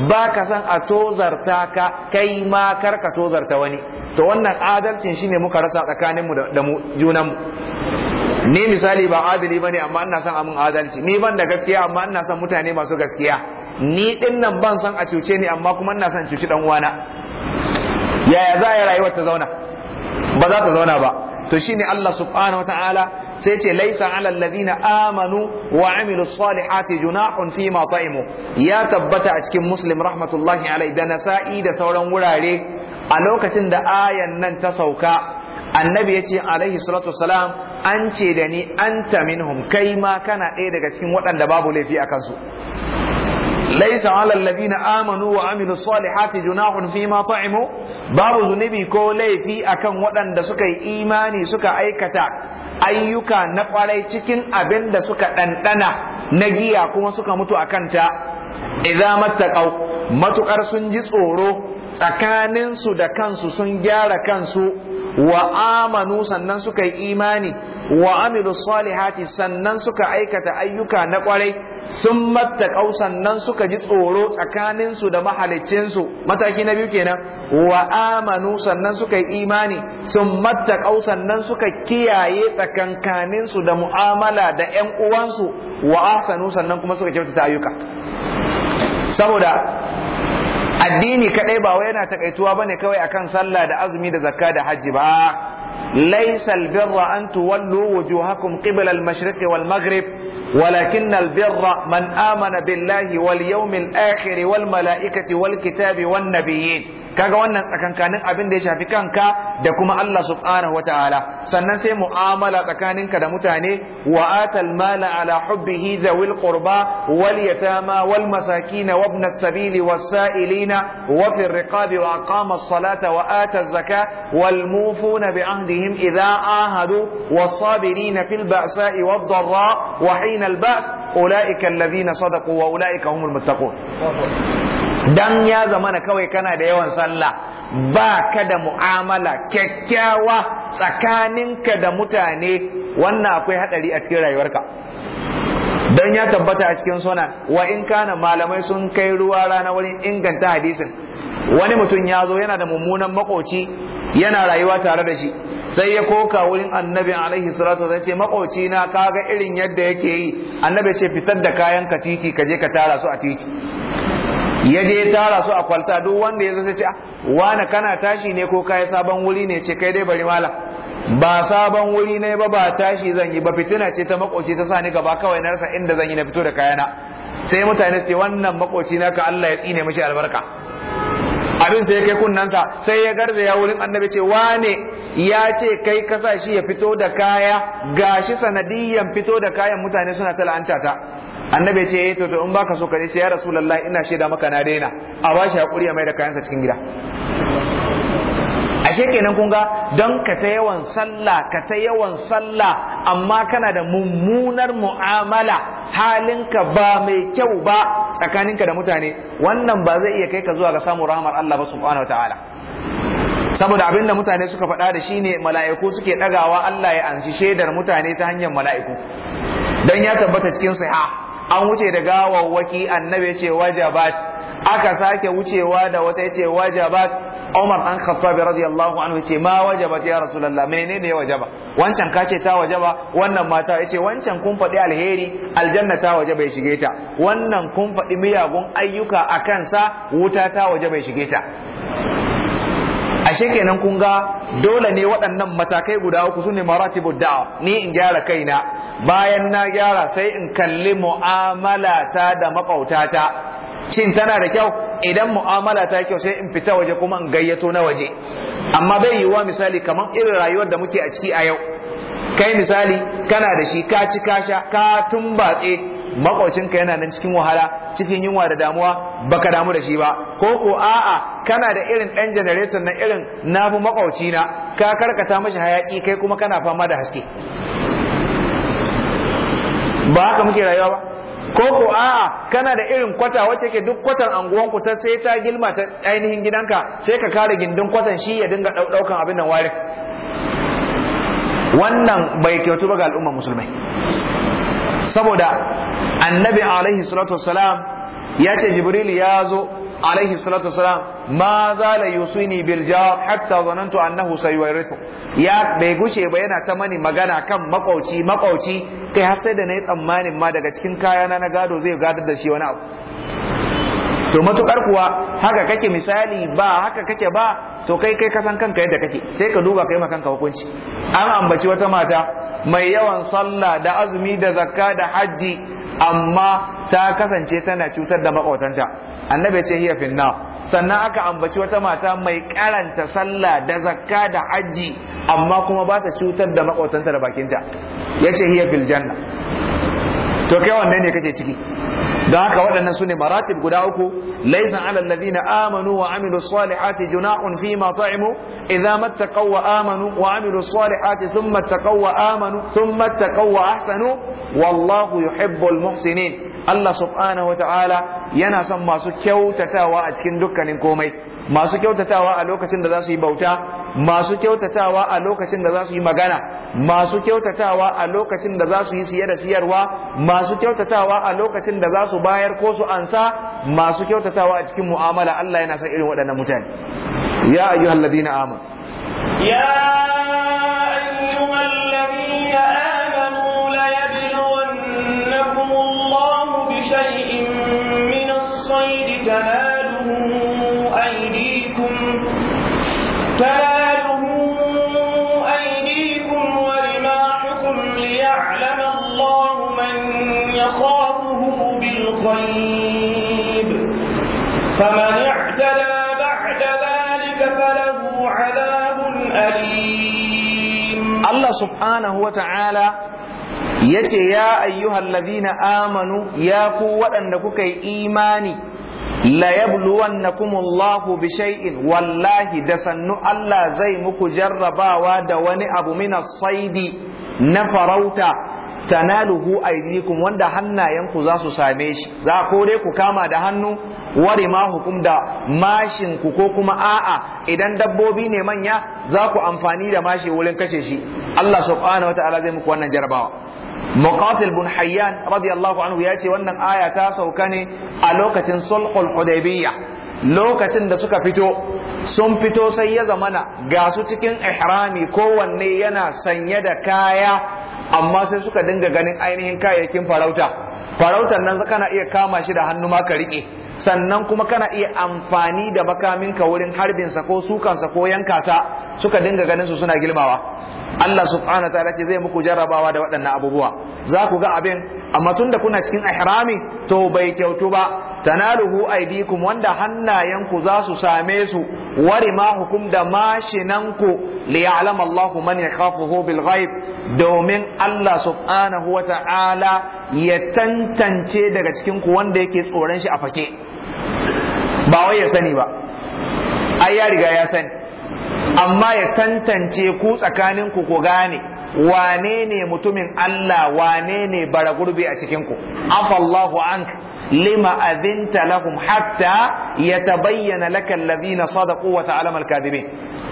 ba ka san a tozarta ka kai ma karka tozarta wani to wannan adalcin shine muka rasa tsakanin mu da mu junan mu ni misali ba adali bane amma ina son amin adalci ni ban da gaskiya amma ina son mutane masu gaskiya ni din nan ban san a cuce ni amma kuma ina son cuci dan uwana yaya za a yi rayuwar ta zauna ba za ta zauna ba to shine Allah subhanahu ta'ala sai ce laisa alal ladina amanu wa amilu salihati junahun fi ma ta'imu ya tabbata a cikin muslim rahmatullahi alai da nasa'i da sauran wurare a lokacin da ayan nan ta sauka annabi ya ce alaihi salatu wasalam an ce da ni anta minhum kai ma kana ɗaya daga cikin waɗanda babu laifi a kansu laisa ala alladhina amanu wa amilu salihati junahun fi ma ta'imu babu zunubi ko laifi akan waɗanda suka yi imani suka aikata ayyuka na kwarai cikin abin da suka ɗanɗana na giya kuma suka mutu a kanta idza mattaqau matukar sun ji tsoro tsakaninsu da kansu sun gyara kansu wa amanu sannan suka yi imani wa amilu salihati sannan suka aikata ayyuka na kwarai sun mattaƙau sannan suka ji tsoro tsakaninsu da mahalicinsu mataki na biyu kenan wa amanu sannan suka yi imani sun mattaƙau sannan suka kiyaye tsakankaninsu da mu'amala da 'yan uwansu wa asanu sannan kuma suka kyautata ayyuka saboda addini kadai ba wai yana takaituwa bane kawai akan sallah da azumi da zakka da hajji ba laysa albirra an tuwallu wujuhakum qibla almashriqi walmaghrib ولكن البر من آمن بالله واليوم الآخر والملائكة والكتاب والنبيين kaga wannan tsakankanin abin da ya shafi kanka da kuma Allah subhanahu wataala sannan sai mu'amala tsakaninka da mutane wa atal mala ala hubbihi zawil qurba wal yatama wal masakin wa ibn as-sabil was sa'ilina wa fi riqabi wa aqama as-salata wa ata az-zaka wal mufuna bi ahdihim idha ahadu was sabirin fil ba'sa'i wad dharra wa hina al-ba's ulaika alladhina sadaqu wa ulaika humul muttaqun dan ya zamana kawai kana da yawan sallah ba ka da mu'amala kyakkyawa tsakaninka da mutane wannan akwai hadari a cikin rayuwarka dan ya tabbata a cikin suna wa in kana malamai sun kai ruwa rana wurin inganta hadisin wani mutum ya zo yana da mummunan makoci yana rayuwa tare da shi sai ya koka wurin annabi alaihi salatu wasallam ce makoci na kaga irin yadda yake yi annabi ce fitar da kayan ka titi ka ka tara su a titi ya je ya tara su a kwalta duk wanda ya zo sai ce ah, wani kana tashi ne ko kai sabon wuri ne ce kai dai bari mala ba sabon wuri ne ba ba tashi zan yi ba fitina ce ta makoci ta sa ni gaba kawai na rasa inda zan yi na fito da kayana sai mutane su wannan makoci naka Allah ya tsine mishi albarka abin sai ya kai kunnansa sai ya garza ya wurin annabi ce wane ya ce kai kasa shi ya fito da kaya gashi sanadiyyan fito da kayan mutane suna ta la'anta ta annabi ce eh, to to in baka so ka je ya rasulullah ina shaida maka na daina a bashi hakuri ya mai da kayansa cikin gida ashe kenan kun ga don ka ta yawan sallah ka ta yawan sallah amma kana da mummunar mu'amala halinka ba mai kyau ba tsakaninka da mutane wannan ba zai iya kai ka zuwa ga samun rahmar Allah ba subhanahu wataala saboda abin da mutane suka faɗa da shi ne mala'iku suke ɗagawa Allah ya anshi shaidar mutane ta hanyar mala'iku don ya tabbata cikin sahiha an wuce da gawawwaki annabi ya ce wajabat aka sake wucewa da wata ya ce wajabat Umar an Khattab radiyallahu anhu ya ce ma wajabat ya Rasulullah menene ya wajaba wancan ka ce ta wajaba wannan mata ya ce wancan kun faɗi alheri aljanna ta wajaba ya shige ta wannan kun faɗi miyagun ayyuka akan sa wuta ta wajaba ya shige ta ashe kenan kun ga dole ne waɗannan matakai guda uku su ne maratibu da ni in gyara kaina bayan na gyara sai in kalli mu'amala ta da maƙautata shin tana da kyau idan mu'amala ta kyau sai in fita waje kuma in gayyato na waje amma bai yiwuwa misali kamar irin rayuwar da muke a ciki a yau kai misali kana da shi ka ci ka sha ka tumbatse makwacinka yana nan cikin wahala cikin yunwa da damuwa baka damu da shi ba ko ko a'a kana da irin ɗan janareton na irin nafi na? ka karkata mashi hayaki kai kuma kana fama da haske ba haka muke rayuwa ba ko ko a'a kana da irin kwata wacce ke duk kwatan anguwan ku ta sai ta gilma ta ainihin gidanka sai ka kare gindin kwatan shi ya dinga daukan abin nan wari? wannan bai kyautu ba ga al'ummar musulmai saboda annabi alaihi salatu wasalam ya ce jibril ya zo alaihi salatu wasalam ma za la yusini bil jawab hatta zanantu annahu sayuwarithu ya bai gushe ba yana ta mani magana kan makauci makauci kai har sai da na yi tsammanin ma daga cikin kayana na gado zai gadar da shi wani abu to matukar kuwa haka kake misali ba haka kake ba to kai kai kasan kanka yadda kake sai ka duba kai makanka hukunci an ambaci wata mata mai yawan sallah da azumi da zakka da hajji amma ta kasance tana cutar da makwatanta annabi ce hiya finna sannan aka ambaci wata mata mai karanta sallah da zakka da hajji amma kuma ba ta cutar da makwatanta da bakinta ce hiya fil janna to kai wanne ne kake ciki da haka waɗannan su ne maratib guda uku laisa ala alladhina amanu wa amilu salihati junahun fi ma ta'imu idza mattaqaw wa amanu wa amilu salihati thumma taqaw wa amanu thumma taqaw wa ahsanu wallahu yuhibbul muhsinin Allah subhanahu wa ta'ala yana son masu kyautatawa a cikin dukkanin komai masu kyautatawa a lokacin da za su yi bauta masu kyautatawa a lokacin da za su yi magana masu kyautatawa a lokacin da za su yi siye da siyarwa masu kyautatawa a lokacin da za su bayar ko su ansa masu kyautatawa a cikin mu'amala Allah yana san irin waɗannan mutane ya ayyuhallazina
amanu ya تناله أيديكم ورماحكم ليعلم الله من يخافه فمن بعد ذلك فله عذاب أليم
الله سبحانه وتعالى yace ya ayyuhal ladina amanu ya ku waɗanda kuka yi imani la yabluwannakum Allahu bi shay'in wallahi da sannu Allah zai muku jarrabawa da wani abu min saidi na farauta tanaluhu aydikum wanda hannayenku za su same shi za ko dai ku kama da hannu wari ma hukum da mashin ku ko kuma a'a idan dabbobi ne manya za ku amfani da mashi wurin kashe shi Allah subhanahu wataala zai muku wannan jarrabawa muqatil bin hayyan radiyallahu anhu ya ce wannan aya ta sauka ne a lokacin sulhul hudaybiyya lokacin da suka fito sun fito sai ya zamana ga su cikin ihrami kowanne yana sanye da kaya amma sai suka dinga ganin ainihin kayayyakin farauta farautar nan kana iya kama shi da hannu ma ka riƙe sannan kuma kana iya amfani da makaminka wurin harbinsa ko sukansa ko yankasa suka dinga ganin su suna girmawa Allah subhanahu wa ta'ala ce zai muku jarrabawa da waɗannan abubuwa za ku ga abin amma tunda kuna cikin ihrami to bai kyautu ba tanaluhu aidikum wanda hannayenku za su same su wari ma hukum da mashinanku li ya'lam Allahu man yakhafuhu bil ghaib domin Allah subhanahu wa ta'ala ya tantance daga cikin ku wanda yake tsoron shi a fake ba wai ya sani ba ai ya riga ya sani amma ya tantance ku tsakanin ku ku gane wane ne mutumin Allah wane ne bara gurbi a cikin ku afallahu ank lima adinta lahum hatta yatabayyana laka alladhina sadaqu wa ta'lamu al-kadhibin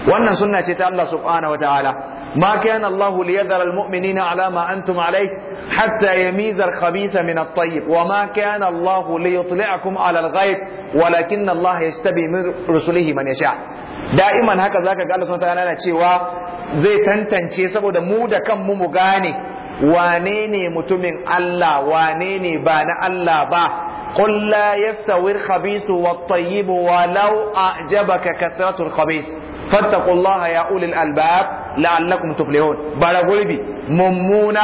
wannan sunna ce ta Allah subhanahu wa ta'ala ما كان الله ليذر المؤمنين على ما أنتم عليه حتى يميز الخبيث من الطيب وما كان الله ليطلعكم على الغيب ولكن الله يستبي من رسله من يشاء دائما هكذا قال الله سبحانه وتعالى cewa zai tantance saboda mu da kanmu mu gane wane ne mutumin Allah wane ne ba na Allah ba قل لا يستوي الخبيث والطيب ولو أعجبك كثرة الخبيث fattaqullaha ya ulil albab la'allakum tuflihun bara gurbi mummuna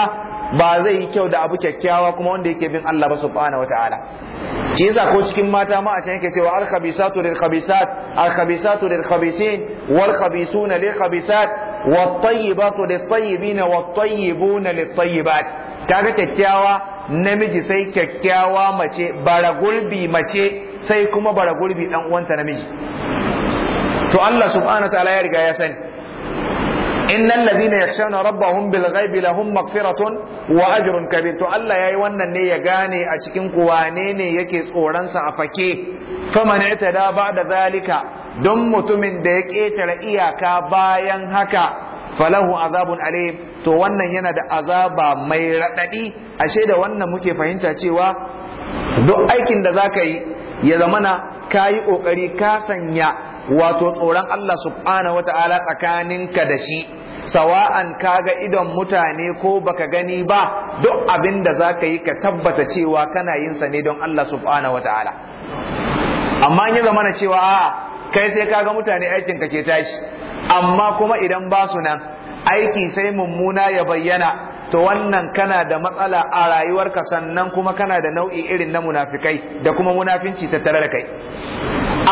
ba zai yi kyau da abu kyakkyawa kuma wanda yake bin Allah ba subhanahu Ki shi yasa ko cikin mata ma a can yake cewa al khabisatu lil khabisat al khabisatu lil khabisin wal khabisuna lil khabisat wat tayyibatu lit tayyibina wat tayyibuna lit tayyibat kaga kyakkyawa namiji sai kyakkyawa mace bara gurbi mace sai kuma bara gurbi dan uwanta namiji to Allah subhanahu ta'ala ya riga ya sani innal ladhina yakhshawna rabbahum bil ghaibi lahum maghfiratun wa ajrun kabir to Allah yayi wannan ne ya gane a cikin ku wane ne yake tsoron sa a fake faman itada ba'da zalika don mutumin da ya ketare iyaka bayan haka falahu azabun alim to wannan yana da azaba mai radadi ashe da wannan muke fahimta cewa duk aikin da zaka yi ya zamana ka yi ƙoƙari ka sanya wato tsoron Allah subhanahu wata'ala ka da shi sawa'an ka ga idon mutane ko baka gani ba duk abin da za ka yi ka tabbata cewa kana yin sa ne don Allah subhanahu wata'ala amma in zamana cewa a kai sai kaga mutane aikin ka ke tashi amma kuma idan ba su nan aiki sai mummuna ya bayyana to wannan kana da matsala a rayuwarka sannan kuma kana da nau'i irin na munafikai da kuma munafinci tattare da kai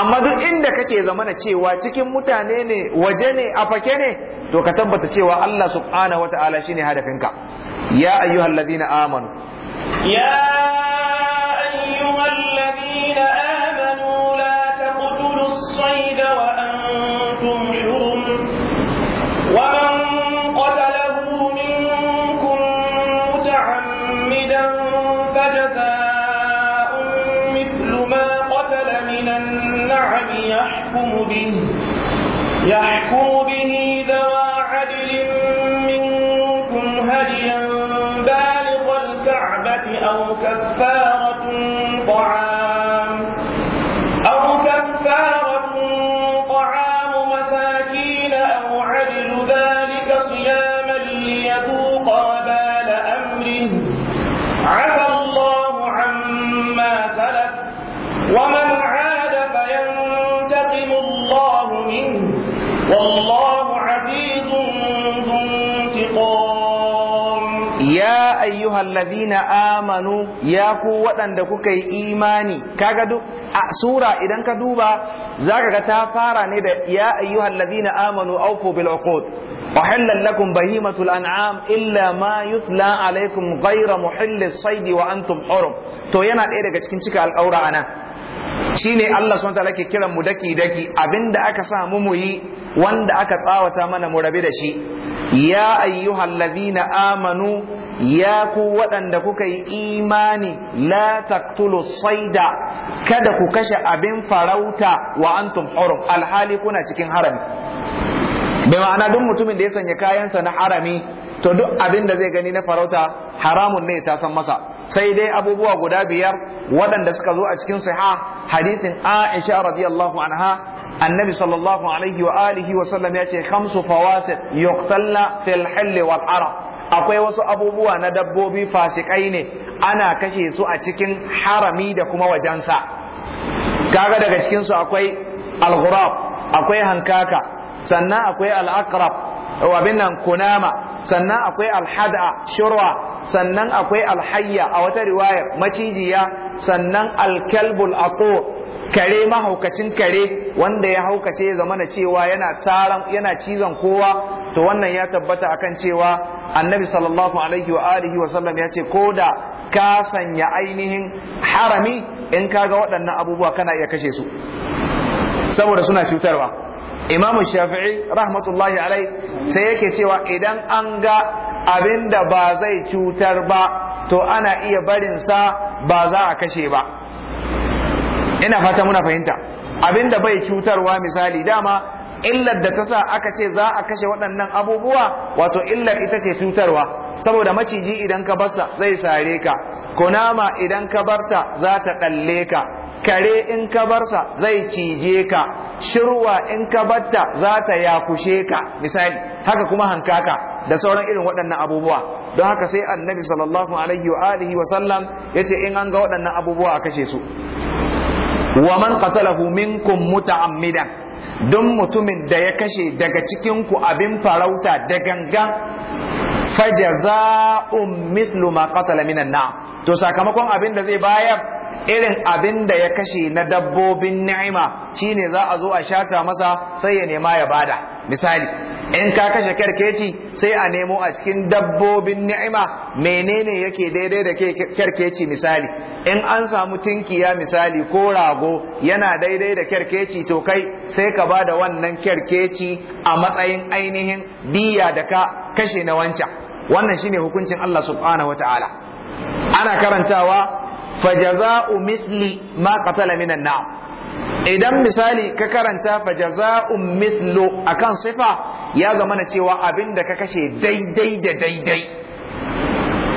amma duk inda kake zamana cewa cikin mutane ne waje ne a fake ne to ka tabbata cewa Allah subhanahu wataala shine hadafinka ya ayyuhallazina amanu
ya يحكم به يحكم به ذوى عدل منكم هديا بالغ الكعبة أو كفارة طعام أو كفارة طعام مساكين أو عدل ذلك صياما ليذوقا والله عزيز ذو انتقام يا
أيها الذين آمنوا يا قوة عندك إيماني كاكدو a sura idan ka duba zaka ga ta fara ne da ya ayyuhal ladina amanu awfu bil uqud uhillat lakum bahimatul an'am illa ma yutla alaykum ghayra muhilli saidi wa antum hurum to yana ɗaya daga cikin cika al'aura ana shine Allah subhanahu wa ta'ala ke kiran mu daki daki abinda aka sa mu muyi wanda aka tsawata mana mu rabi da shi ya ayyuhal ladina amanu ya ku waɗanda kuka yi imani la taqtulu saida kada ku kashe abin farauta wa antum hurum alhali kuna cikin harami bai ma'ana duk mutumin da ya sanya kayansa na harami to duk abin da zai gani na farauta haramun ne ta san masa sai dai abubuwa guda biyar waɗanda suka zo a cikin sahih hadisin Aisha radiyallahu anha annabi sallallahu alaihi wa alihi wa sallam ya ce khamsu fawasid yuqtalna fil hilli akwai wasu abubuwa na dabbobi fasikai ne ana kashe su a cikin harami da kuma wajensa kaga daga cikin su akwai al akwai hankaka sannan akwai al-aqrab abin kunama sannan akwai al shurwa sannan akwai al-hayya a wata riwaya macijiya sannan al-kalbul aqur kare mahaukacin kare wanda ya haukace ya na cewa yana tsaran yana cizon kowa to wannan ya tabbata akan cewa annabi sallallahu alaihi wa alihi wa sallam ya ce ko da ka sanya ainihin harami in kaga waɗannan abubuwa kana iya kashe su saboda suna cutarwa imamu shafi'i rahmatullahi alai sai yake cewa idan an ga abin da ba zai cutar ba to ana iya barinsa ba za a kashe ba ina fata muna fahimta abinda bai cutarwa misali dama illar da ta sa aka ce za a kashe waɗannan abubuwa wato illar ita ce cutarwa saboda maciji idan ka barsa zai sare ka kunama idan ka barta za ta ɗalle ka kare in ka barsa zai cije ka shirwa in ka barta za ta yakushe ka misali haka kuma hankaka da sauran irin waɗannan abubuwa don haka sai annabi sallallahu alaihi wa alihi wa sallam yace in an ga waɗannan abubuwa a kashe su wa man qatalahu minkum muta'ammidan don mutumin da ya kashe daga cikin ku abin farauta da ganga fajaza'un mislu ma qatala minan na, to sakamakon abin da zai bayar irin abin da ya kashe na dabbobin ni'ima shine za a zo a shata masa sai ya nema ya bada misali in ka kashe kerkeci sai a nemo a cikin dabbobin ni'ima menene yake daidai da kerkeci misali in an samu tinkiya misali ko rago yana daidai da kerkeci to kai sai ka ba da wannan kerkeci a matsayin ainihin biya da ka kashe na wancan wannan shine hukuncin Allah subhanahu wataala ana karantawa fajaza'u misli ma qatala minan na'am idan misali ka karanta fa jaza'un mithlu akan sifa ya zama na cewa abin da ka kashe daidai da daidai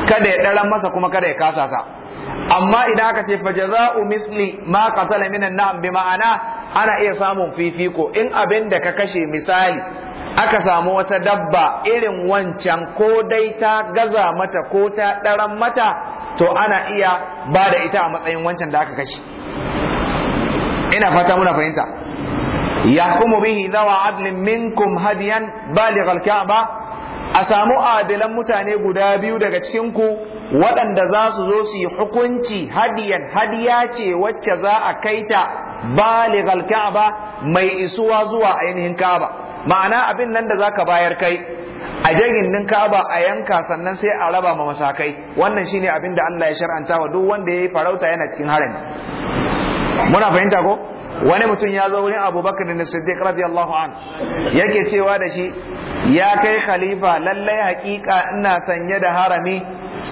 kada ya ɗaran masa kuma kada ya kasa sa amma idan aka ce fa jaza'u misli ma qatala minan na'am bi ma'ana ana iya samun fifiko in abin da ka kashe misali aka samu wata dabba irin wancan ko dai ta gaza mata ko ta ɗaran mata to ana iya ba da ita a matsayin wancan da aka kashe ina fata muna fahimta yahkumu bihi dawa adlin minkum hadiyan baligh ka'aba a samu adilan mutane guda biyu daga cikin ku waɗanda za su zo su yi hukunci hadiyan hadiya ce wacce za a kaita baligh al mai isuwa zuwa ainihin ka'aba ma'ana abin nan da zaka bayar kai a jirgin din Ka'aba a yanka sannan sai a raba ma masakai wannan shine abin da Allah ya shar'anta wa duk wanda yayi farauta yana cikin harin muna fahimta ko wani mutum ya zo wurin abubakar da siddiq radiyallahu an yake cewa da shi ya kai khalifa lallai hakika ina sanye da harami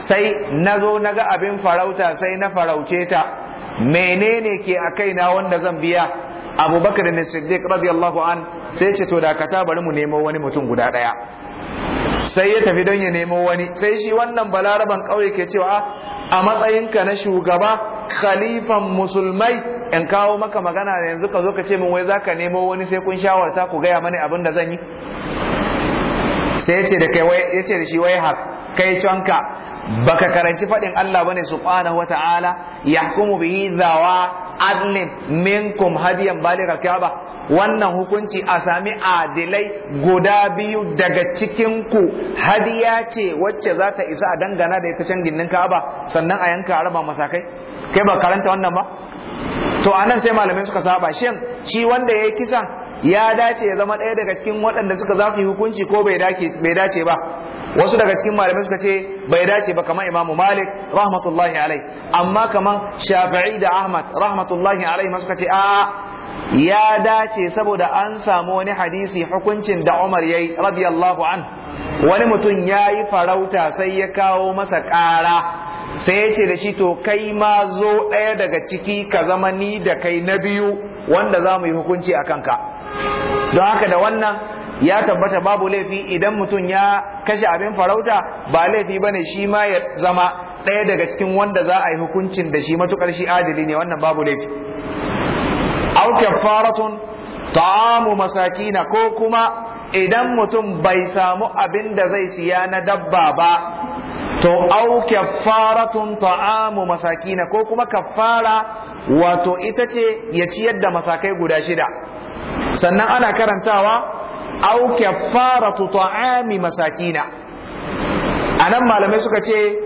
sai na zo na abin farauta sai na farauce ta menene ke a kaina wanda zan biya abubakar da siddiq radiyallahu an sai ce to dakata bari mu nemo wani mutum guda daya sai ya tafi don ya nemo wani sai shi wannan balaraban ƙauye ke cewa ah, a matsayinka na shugaba khalifan musulmai in kawo maka magana da yanzu ka zo ka ce min wai zaka nemo wani sai kun shawarta ku gaya mani abin da zan yi sai yace da wai da shi wai haka kai canka baka karanci faɗin Allah bane subhanahu wata'ala yahkumu bihi zawa adlin minkum hadiyan baliga ka'ba wannan hukunci a sami adilai guda biyu daga cikin ku hadiya ce wacce za ta isa a dangana da ita can gindin Ka'aba sannan a yanka araba masakai kai ba karanta wannan ba to anan sai malamai suka saba shin shi wanda yayi kisan ya dace ya zama ɗaya daga cikin waɗanda suka za su yi hukunci ko bai dace ba wasu daga cikin malamai suka ce bai dace ba kamar imamu malik rahmatullahi alai amma kamar shafi'i da ahmad rahmatullahi alai ma suka ce a ya dace saboda an samu wani hadisi hukuncin da umar yayi radiyallahu an wani mutum ya yi farauta sai ya kawo masa ƙara sai ya ce da shi to kai ma zo ɗaya daga ciki ka zama ni da kai na biyu wanda za mu yi hukunci a kanka don haka da wannan ya tabbata babu laifi idan mutum ya kashe abin farauta ba laifi bane shi ma ya zama ɗaya daga cikin wanda za a yi hukuncin da shi matukar shi adili ne wannan babu laifi aw kaffaratun ta'amu masakina ko kuma idan mutum bai samu abin da zai siya na dabba ba to aw kaffaratun ta'amu masakina ko kuma kaffara wato ita ce ya ciyar da masakai guda shida sannan ana karantawa au kaffaratu ta'ami masakina anan malamai suka ce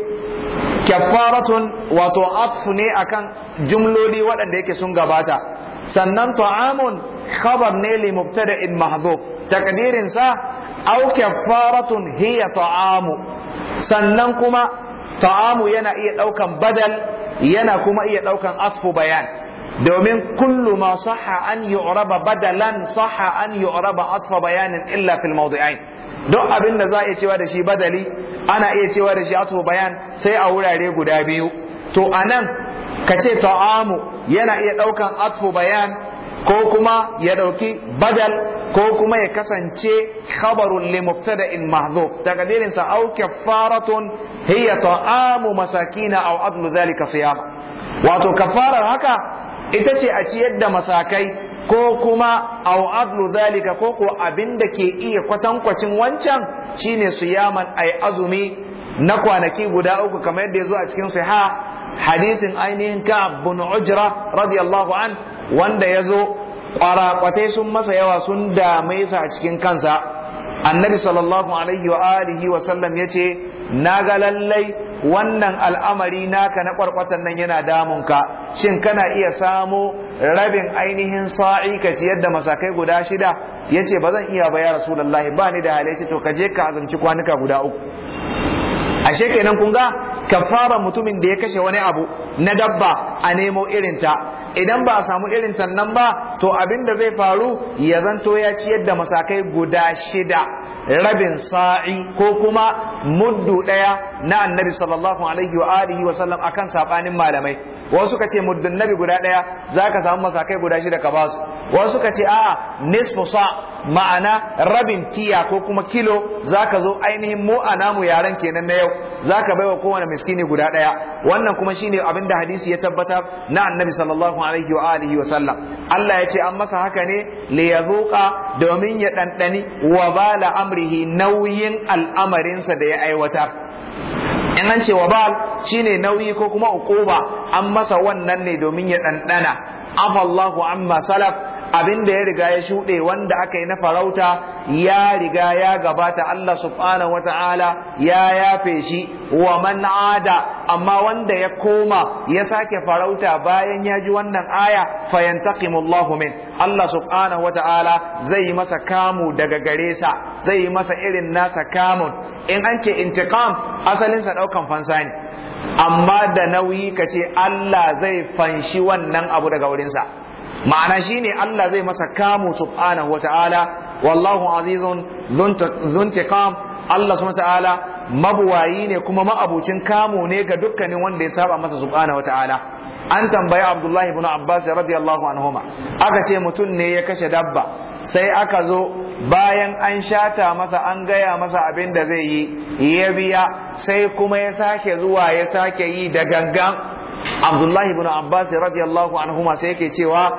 kaffaratun wato atfu ne akan jumloli waɗanda yake sun gabata sannan ta'amun khabar ne li mubtada'in mahdhuf takdirin sa au hiya ta'amu sannan kuma ta'amu yana iya ɗaukan badal yana kuma iya ɗaukan atfu bayan domin kullu ma sahha an yu'raba badalan saha an yu'raba atfa bayanin illa fil mawdi'ain don abin da za a iya cewa da shi badali ana iya cewa da shi atfa bayan sai a wurare guda biyu to anan ka ce ta'amu yana iya daukan atfa bayan ko kuma ya dauki badal ko kuma ya kasance khabarun li mubtada'in daga taqdirin sa au kaffaratun hiya ta'amu masakina aw adlu dhalika siyam wato kafarar haka ita ce a ciyar da masakai ko kuma au adlu zalika ko ko abin da ke iya kwatankwacin wancan shine a yi azumi na kwanaki guda uku kamar yadda ya zo a cikin siha hadisin ainihin ka bin ujra radiyallahu an wanda ya zo kwarakwatai sun masa yawa sun dame sa a cikin kansa annabi sallallahu alaihi wa alihi wa sallam ya ce na ga lallai wannan al'amari naka na kwarkwatan nan yana ka shin kana iya samo rabin ainihin sa'i ka ciyar da masakai guda shida ya ce ba zan iya ba ya rasulallahi ba ni da halai to ka je ka azumci kwanuka guda uku ashe kenan kun ga kafara mutumin da ya kashe wani abu na dabba a nemo irinta idan ba a samu irin nan ba to abin da zai faru ya zanto ya ciyar da masakai guda shida rabin sa'i ko kuma muddu ɗaya na annabi sallallahu alaihi wa alihi wa sallam akan sabanin malamai wasu kace ce muddun nabi guda ɗaya zaka samu masakai guda shida ka basu wasu kace ce a'a nisfu sa ma'ana rabin tiya ko kuma kilo zaka zo ainihin mu a namu yaren kenan na yau zaka baiwa kowane miskini guda daya wannan kuma shine abin da hadisi ya tabbatar na annabi sallallahu alaihi wa alihi wa sallam Allah ya ce an masa haka ne li yazuqa domin ya dandani wa bala amrihi nauyin al'amarinsa da ya aiwatar in an ce wabal shine nauyi ko kuma uquba an masa wannan ne domin ya ɗanɗana afallahu amma salaf abin da ya riga ya shuɗe wanda aka yi na farauta ya riga ya gabata Allah subhanahu wata'ala ya yafe shi wa man ada amma wanda ya koma ya sake farauta bayan ya ji wannan aya fayantaqimullahu min Allah subhanahu wata'ala zai yi masa kamu daga gare sa zai yi masa irin nasa kamun in an ce intiqam asalinsa ɗaukan fansa ne amma da nauyi ka ce, Allah zai fanshi wannan abu daga wurinsa ma'ana shine Allah zai masa kamu subhanahu wata'ala wallahu azizun zuntiqam Allah subhanahu wata'ala mabuwayi ne kuma ma'abucin kamu ne ga dukkanin wanda ya saba masa subhanahu wata'ala an tambayi Abdullahi ibn Abbas radiyallahu anhuma aka ce mutum ne ya kashe dabba sai aka zo bayan an shata masa an gaya masa abin da zai yi ya biya sai kuma ya sake zuwa ya sake yi da gangan abdullahi ibn abbas radiyallahu anhuma sai yake cewa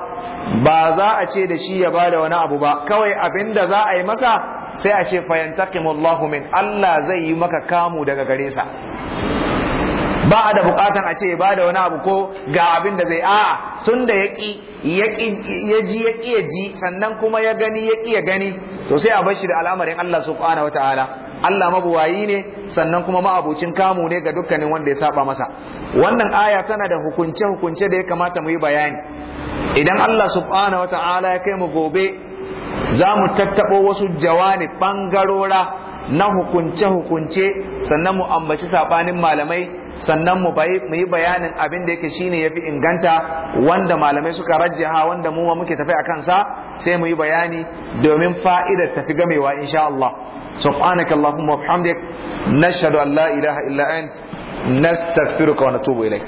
ba za a ce da shi ya bada wani abu ba kawai abinda za a yi masa sai a ce fayantaqimullahu min Allah zai yi maka kamu daga gare sa ba a da bukatan a ce ya bada wani abu ko ga abin da zai a'a tun da yaki ya ji ya ji sannan kuma ya gani ya ya gani to sai a bar shi da al'amarin Allah subhanahu wataala Allah mabuwayi ne sannan kuma ma'abucin kamu ne ga dukkanin wanda ya saba masa wannan aya tana da hukunce hukunce da ya kamata mu yi bayani idan Allah subhanahu wata'ala ya kai mu gobe za mu tattabo wasu jawani bangarora na hukunce hukunce sannan mu ambaci sabanin malamai sannan mu yi bayanin abin da yake shine yafi inganta wanda malamai suka rajjaha wanda mu ma muke tafi a kansa sai mu yi bayani domin fa'ida tafi gamewa insha Allah subhanaka allahumma wa bihamdik nashhadu an la ilaha illa ant nastaghfiruka wa natubu ilaik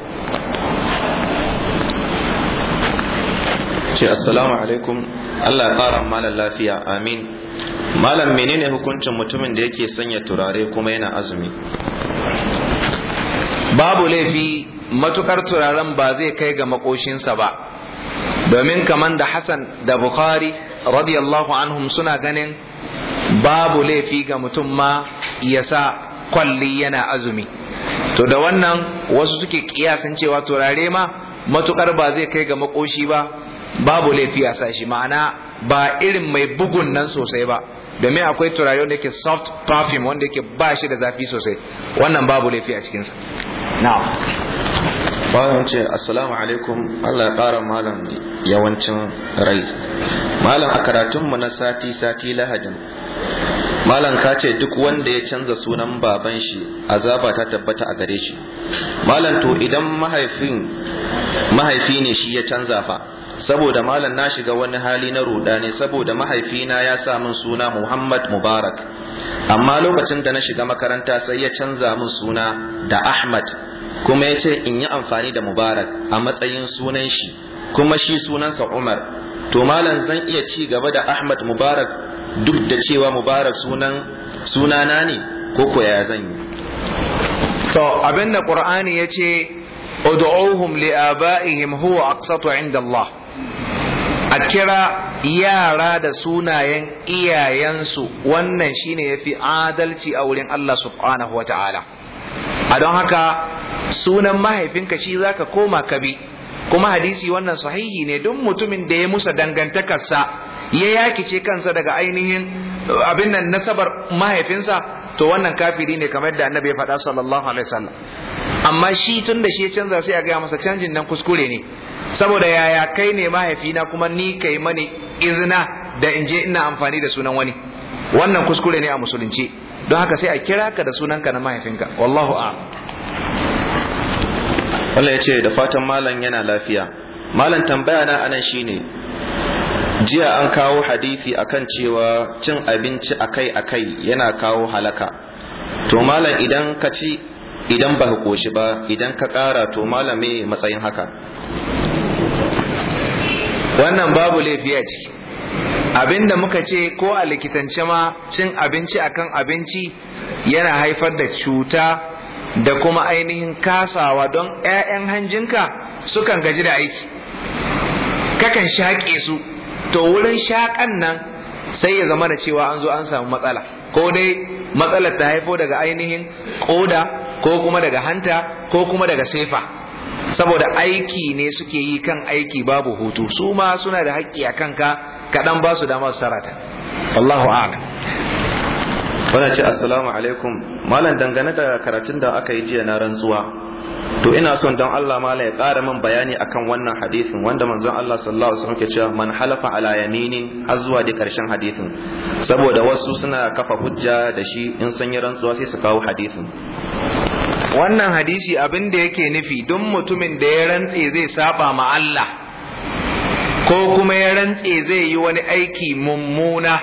ce assalamu alaikum Allah ya ƙara
malam lafiya amin malam menene hukuncin mutumin da yake sanya turare kuma yana azumi babu laifi matukar turaren ba zai kai ga makoshinsa ba
domin kamar da Hassan da Bukhari radiyallahu anhum suna ganin babu laifi ga mutum ma ya sa kwalli yana azumi to da wannan wasu suke kiyasin cewa turare ma matukar ba zai kai ga makoshi ba babu laifi a sashi ma'ana ba irin mai bugun nan sosai ba domin akwai turare wanda yake soft perfume wanda yake ba shi da zafi sosai wannan babu laifi a cikinsa
na'am bayan ce assalamu alaikum Allah ya ƙara malam yawancin rai malam a karatunmu na sati sati lahadin malam ka ce duk wanda ya canza sunan baban shi azaba ta tabbata a gare shi malam to idan mahaifin mahaifi ne shi ya canza fa saboda malam na shiga wani hali na ne saboda mahaifina ya sa min suna Muhammad Mubarak amma lokacin da na shiga makaranta sai ya canza min suna da Ahmad kuma ya ce in yi amfani da Mubarak a matsayin sunan shi kuma shi sunansa Umar to malam zan iya ci gaba da Ahmad Mubarak duk da cewa Mubarak sunan sunana ne ko ko ya zan yi to abin da
Qur'ani ya ce ud'uhum li abaihim huwa aqsatu inda Allah a kira yara da sunayen iyayensu wannan shine yafi adalci a wurin Allah subhanahu wata'ala a don haka sunan mahaifinka shi zaka koma ka bi kuma hadisi wannan sahihi ne duk mutumin da ya musa dangantakarsa ya yakice kansa daga ainihin eh, abin nan nasabar mahaifinsa to wannan kafiri ne kamar da annabi ya faɗa sallallahu alaihi wasallam amma shi tun da shi ya canza sai a gaya masa canjin nan kuskure ne saboda yaya kai ne mahaifina kuma ni kai mani izina da in je ina amfani da sunan wani wannan kuskure
ne a musulunci don haka sai a kira ka da sunanka na mahaifinka wallahu a wala ya ce da fatan malam yana lafiya malam tambaya na anan shine jiya an kawo hadisi akan cewa cin abinci akai-akai yana kawo halaka to malam idan ka ci idan ba ka koshi ba idan ka kara to malame matsayin haka wannan babu laifi a ciki abinda muka ce ko a likitance ma
cin abinci akan abinci yana haifar da cuta da kuma ainihin kasawa don 'ya'yan hanjinka sukan gaji da aiki kakan shaƙe su to wurin shaƙan nan sai ya zama da cewa an zo an samu matsala ko dai matsalar ta haifo daga ainihin ƙoda ko kuma daga hanta ko kuma daga sefa saboda aiki ne suke yi kan aiki babu hutu su ma suna da haƙƙi a kanka kaɗan ba su damar sarata
Allahu a'lam wannan ce assalamu alaikum malam dangane da karatun da aka yi jiya na rantsuwa to ina son don Allah mala ya ƙara min bayani akan wannan hadisin wanda manzon Allah sallallahu alaihi wasallam ke cewa man halafa ala yamini har zuwa da karshen hadisin saboda wasu suna kafa hujja da shi in sun yi rantsuwa sai su kawo hadisin wannan hadisi
abin da yake nufi don mutumin da ya rantse zai saba ma Allah ko kuma ya rantse zai yi wani aiki mummuna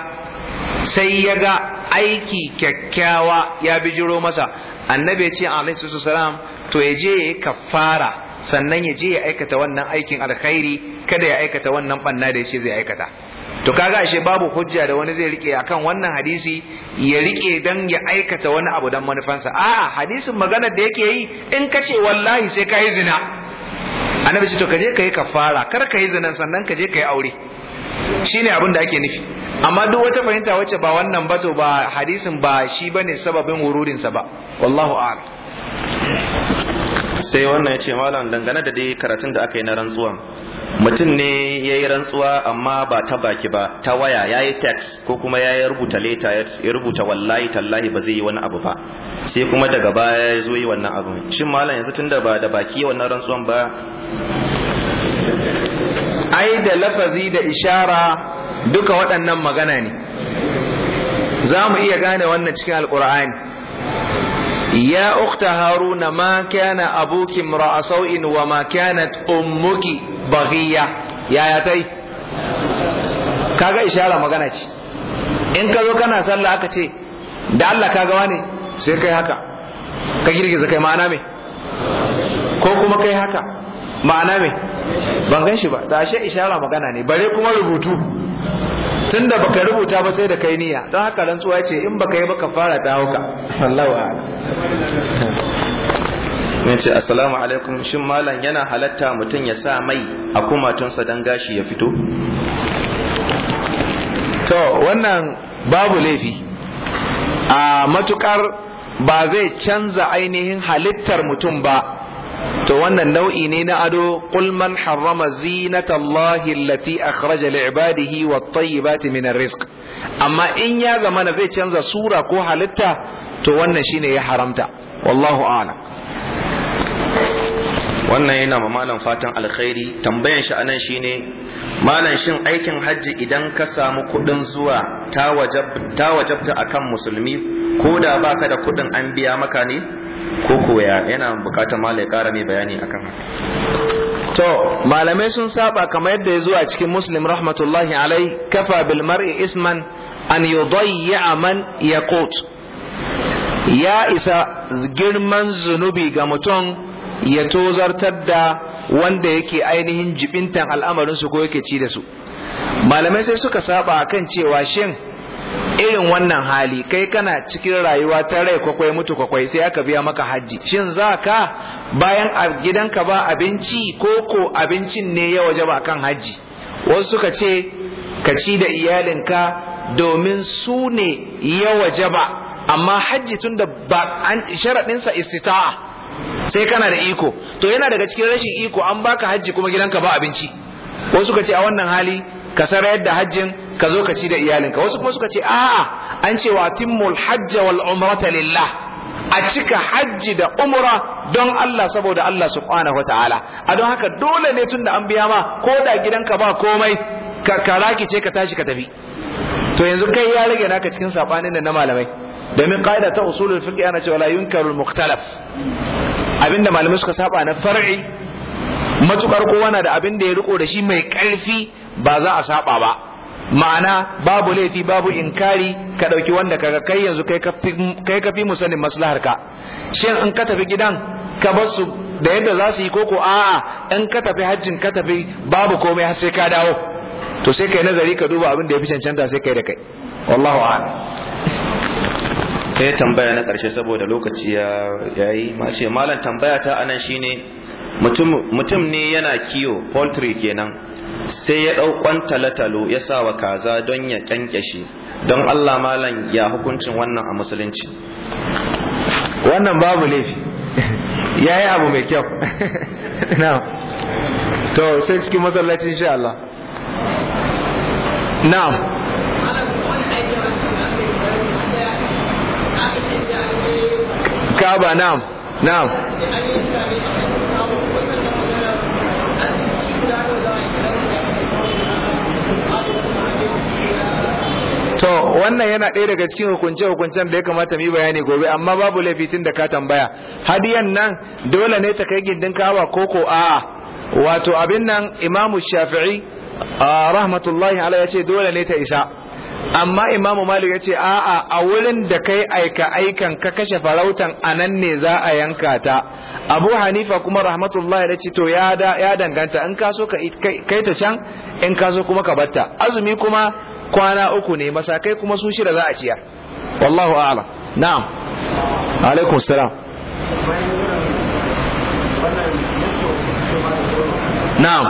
sai ya ga aiki kyakkyawa ya bijiro masa annabi ce alaihi salam to ya je ka kafara sannan ya je ya aikata wannan aikin alkhairi kada ya aikata wannan banna da ya ce zai aikata to kaga ashe babu hujja da wani zai rike akan wannan hadisi ya rike dan ya aikata wani abu dan manufansa a'a hadisin maganar da yake yi in kace wallahi sai ka yi zina annabi ce to kaje ka yi kafara kar ka yi sannan kaje ka yi aure shine abin da ake nufi amma duk wata fahimta wacce ba wannan ba to
ba hadisin ba shi bane sababin wurudin sa ba wallahu a'lam sai wannan ya ce malam dangane da dai karatun da aka yi na rantsuwa mutum ne ya yi rantsuwa amma ba ta baki ba ta waya ya yi tax ko kuma ya yi rubuta leta ya rubuta wallahi tallahi ba zai yi wani abu ba sai kuma daga baya ya zo yi wannan abu shin malam yanzu tunda ba da baki wannan rantsuwan ba ai
da lafazi da ishara duka waɗannan magana ne za mu iya gane wannan cikin alƙur'ani يا Haruna هارون ما كان أبوك امرأ wa ma كانت أمك baghiya yaya ta yi kaga ishara magana ce in ka zo kana sallah aka ce da Allah ka gawa ne sai kai haka ka girgiza kai ma'ana me ko kuma kai haka ma'ana me ban gan shi ba ta ashe ishara magana ne bare kuma rubutu tunda baka rubuta ba sai da kai niyya don haka rantsuwa ce in baka yi baka fara ta hauka
Allahu a'lam ya ce assalamu alaikum shin malam yana halatta mutum ya sa mai a kumatunsa don gashi ya fito to wannan babu laifi
a matukar ba zai canza ainihin halittar mutum ba to wannan nau'i ne na ado kulman man harrama zinata allati akhraja li wat tayyibati min rizq amma in ya zamana zai canza sura ko halitta to wannan shine ya haramta wallahu
a'lam wannan yana ma malam fatan alkhairi tambayan shi anan shine malam shin aikin hajji idan ka samu kudin zuwa ta wajabta akan musulmi ko da baka da kudin an biya maka ne ko koya yana bukatar malai kara mai bayani akan haka to malamai sun saba kamar yadda ya zuwa cikin muslim rahmatullahi alai kafa bil mar'i isman an yudayya man
yaqut ya isa girman zunubi ga mutum ya tozartar da wanda yake ainihin jibintan al'amarinsu ko yake ci da su malamai sai suka saba kan cewa shin irin wannan hali kai kana cikin rayuwa ta rai kwakwai mutu kwakwai sai aka biya maka hajji shin za ka bayan a gidanka ba abinci ko ko abincin ne ya waje ba kan hajji wasu suka ce ka ci da iyalinka domin su ne ya waje ba amma hajji tun da sharaɗinsa istita'a sai kana da iko to yana daga cikin rashin iko an baka hajji kuma gidanka ba abinci wasu suka ce a wannan hali ka sarayar da hajjin ka zo ka ci da iyalinka wasu kuma suka ce a'a an ce wa timmul hajja wal umrata lillah a cika hajji da umra don Allah saboda Allah subhanahu wataala a don haka dole ne tunda an biya ma ko da gidanka ba komai ka karaki ce ka tashi ka tafi to yanzu kai ya rage naka cikin sabanin da na malamai domin ƙa'ida ta usulul fiqh ana cewa la yunkarul mukhtalaf abinda malamai suka saba na far'i matukar kowa na da abinda ya riko da shi mai ƙarfi ba za a saba ba ma'ana babu laifi babu inkari ka ɗauki wanda kaga kai yanzu kai ka fi musanin maslahar ka shin in ka tafi gidan ka bar su da yadda za su yi koko a'a in ka tafi hajjin ka tafi babu komai har sai ka dawo to sai kai nazari ka duba abinda ya fi cancanta sai kai da kai
wallahu a'lam sai tambaya na karshe saboda lokaci ya yi mace malam tambaya ta anan shine mutum ne yana kiyo poultry kenan sai ya ɗauƙon talotalo ya sa wa kaza don ya kyankyashe don allah malam ya hukuncin wannan a musulunci wannan babu laifi ya yi abu mai kyau to sai cikin masallacin sha Allah
na'am ka'aba na'am na'am to wannan yana ɗaya daga cikin hukunce-hukuncen da ya kamata mu yi bayani gobe amma babu laifin da ka tambaya hadiyan nan dole ne ta kai gindin kawa ko ko wato abin nan imamu shafi'i rahmatullahi ala ya ce dole ne ta isa amma imamu malik ya ce a'a a wurin da kai aika aikan ka kashe farautan anan ne za a yanka ta abu hanifa kuma rahmatullahi ya ce to ya danganta in ka so kai ta can in ka so kuma ka batta azumi kuma kwana uku ne masakai kuma su shida za a ciyar wallahu A'ala. na'am alaikum salam na'am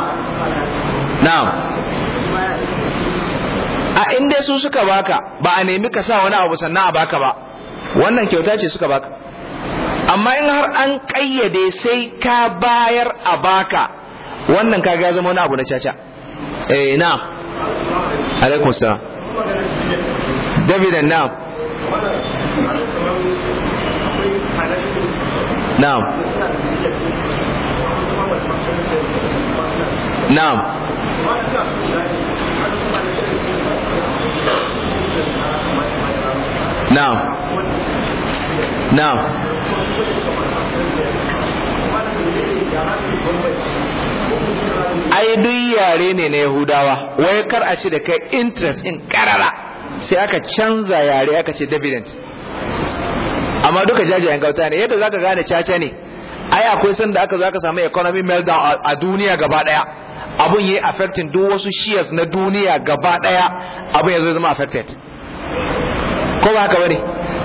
na'am a inda su suka baka ba a nemi ka sa wani abu sannan a baka ba wannan kyauta ce suka baka amma in har an kayyade sai ka bayar a baka wannan kaga ya zama wani abu na caca eh na alaikum salam david na na'am
na'am Now, now,
ai duk yare ne na yahudawa wai kar a ce da kai interest in karara sai aka canza yare aka ce dividend amma duka jajayen gauta ne yadda zaka gane caca ne ai akwai sanda aka zo aka samu economy meltdown a duniya gaba daya abun yayi affecting duk wasu shares na duniya gaba daya abun yanzu zama affected ko ba haka bane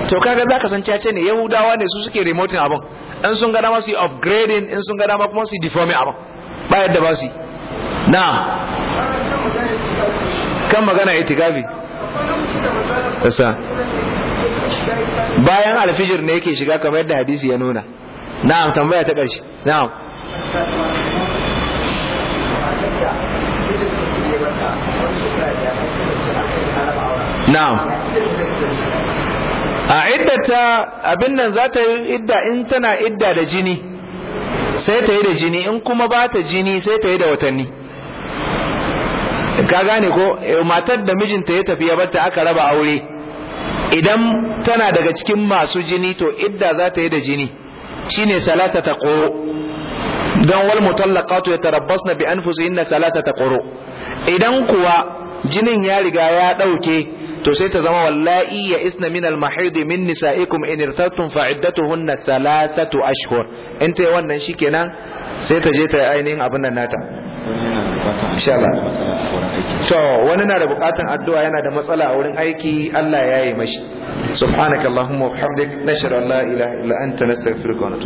to kaga ka san cace ne yahudawa ne su suke remoting abin in sun ga dama su yi upgrading in sun ga dama kuma su yi deforming abin ba yadda ba su na'am kan magana itikafi bayan alfijir ne yake shiga kamar yadda hadisi ya nuna na'am tambaya ta ƙarshe na'am na'am a iddata abin nan za ta yi idda in tana idda da jini sai ta yi da jini in kuma ba ta jini sai ta yi da watanni ka gane ko eh, matar da mijinta ya tafi ya barta aka raba aure idan tana daga cikin masu jini to idda za ta yi da jini shine salata ta ƙoro, don wal mutallaqatu yatarabbasna bi anfusihinna salata ta ƙoro. idan kuwa jinin ya riga ya ɗauke. to sai ta zama wallahi ya isna min al min nisaikum in irtatum fa iddatuhunna thalathatu ashhur in ta wannan shikenan sai ta je ta ainihin abin nan nata insha Allah so wani na da bukatan addu'a yana da matsala a wurin aiki Allah ya yi mashi subhanakallahumma wa bihamdik nashhadu an la ilaha illa anta nastaghfiruka wa natubu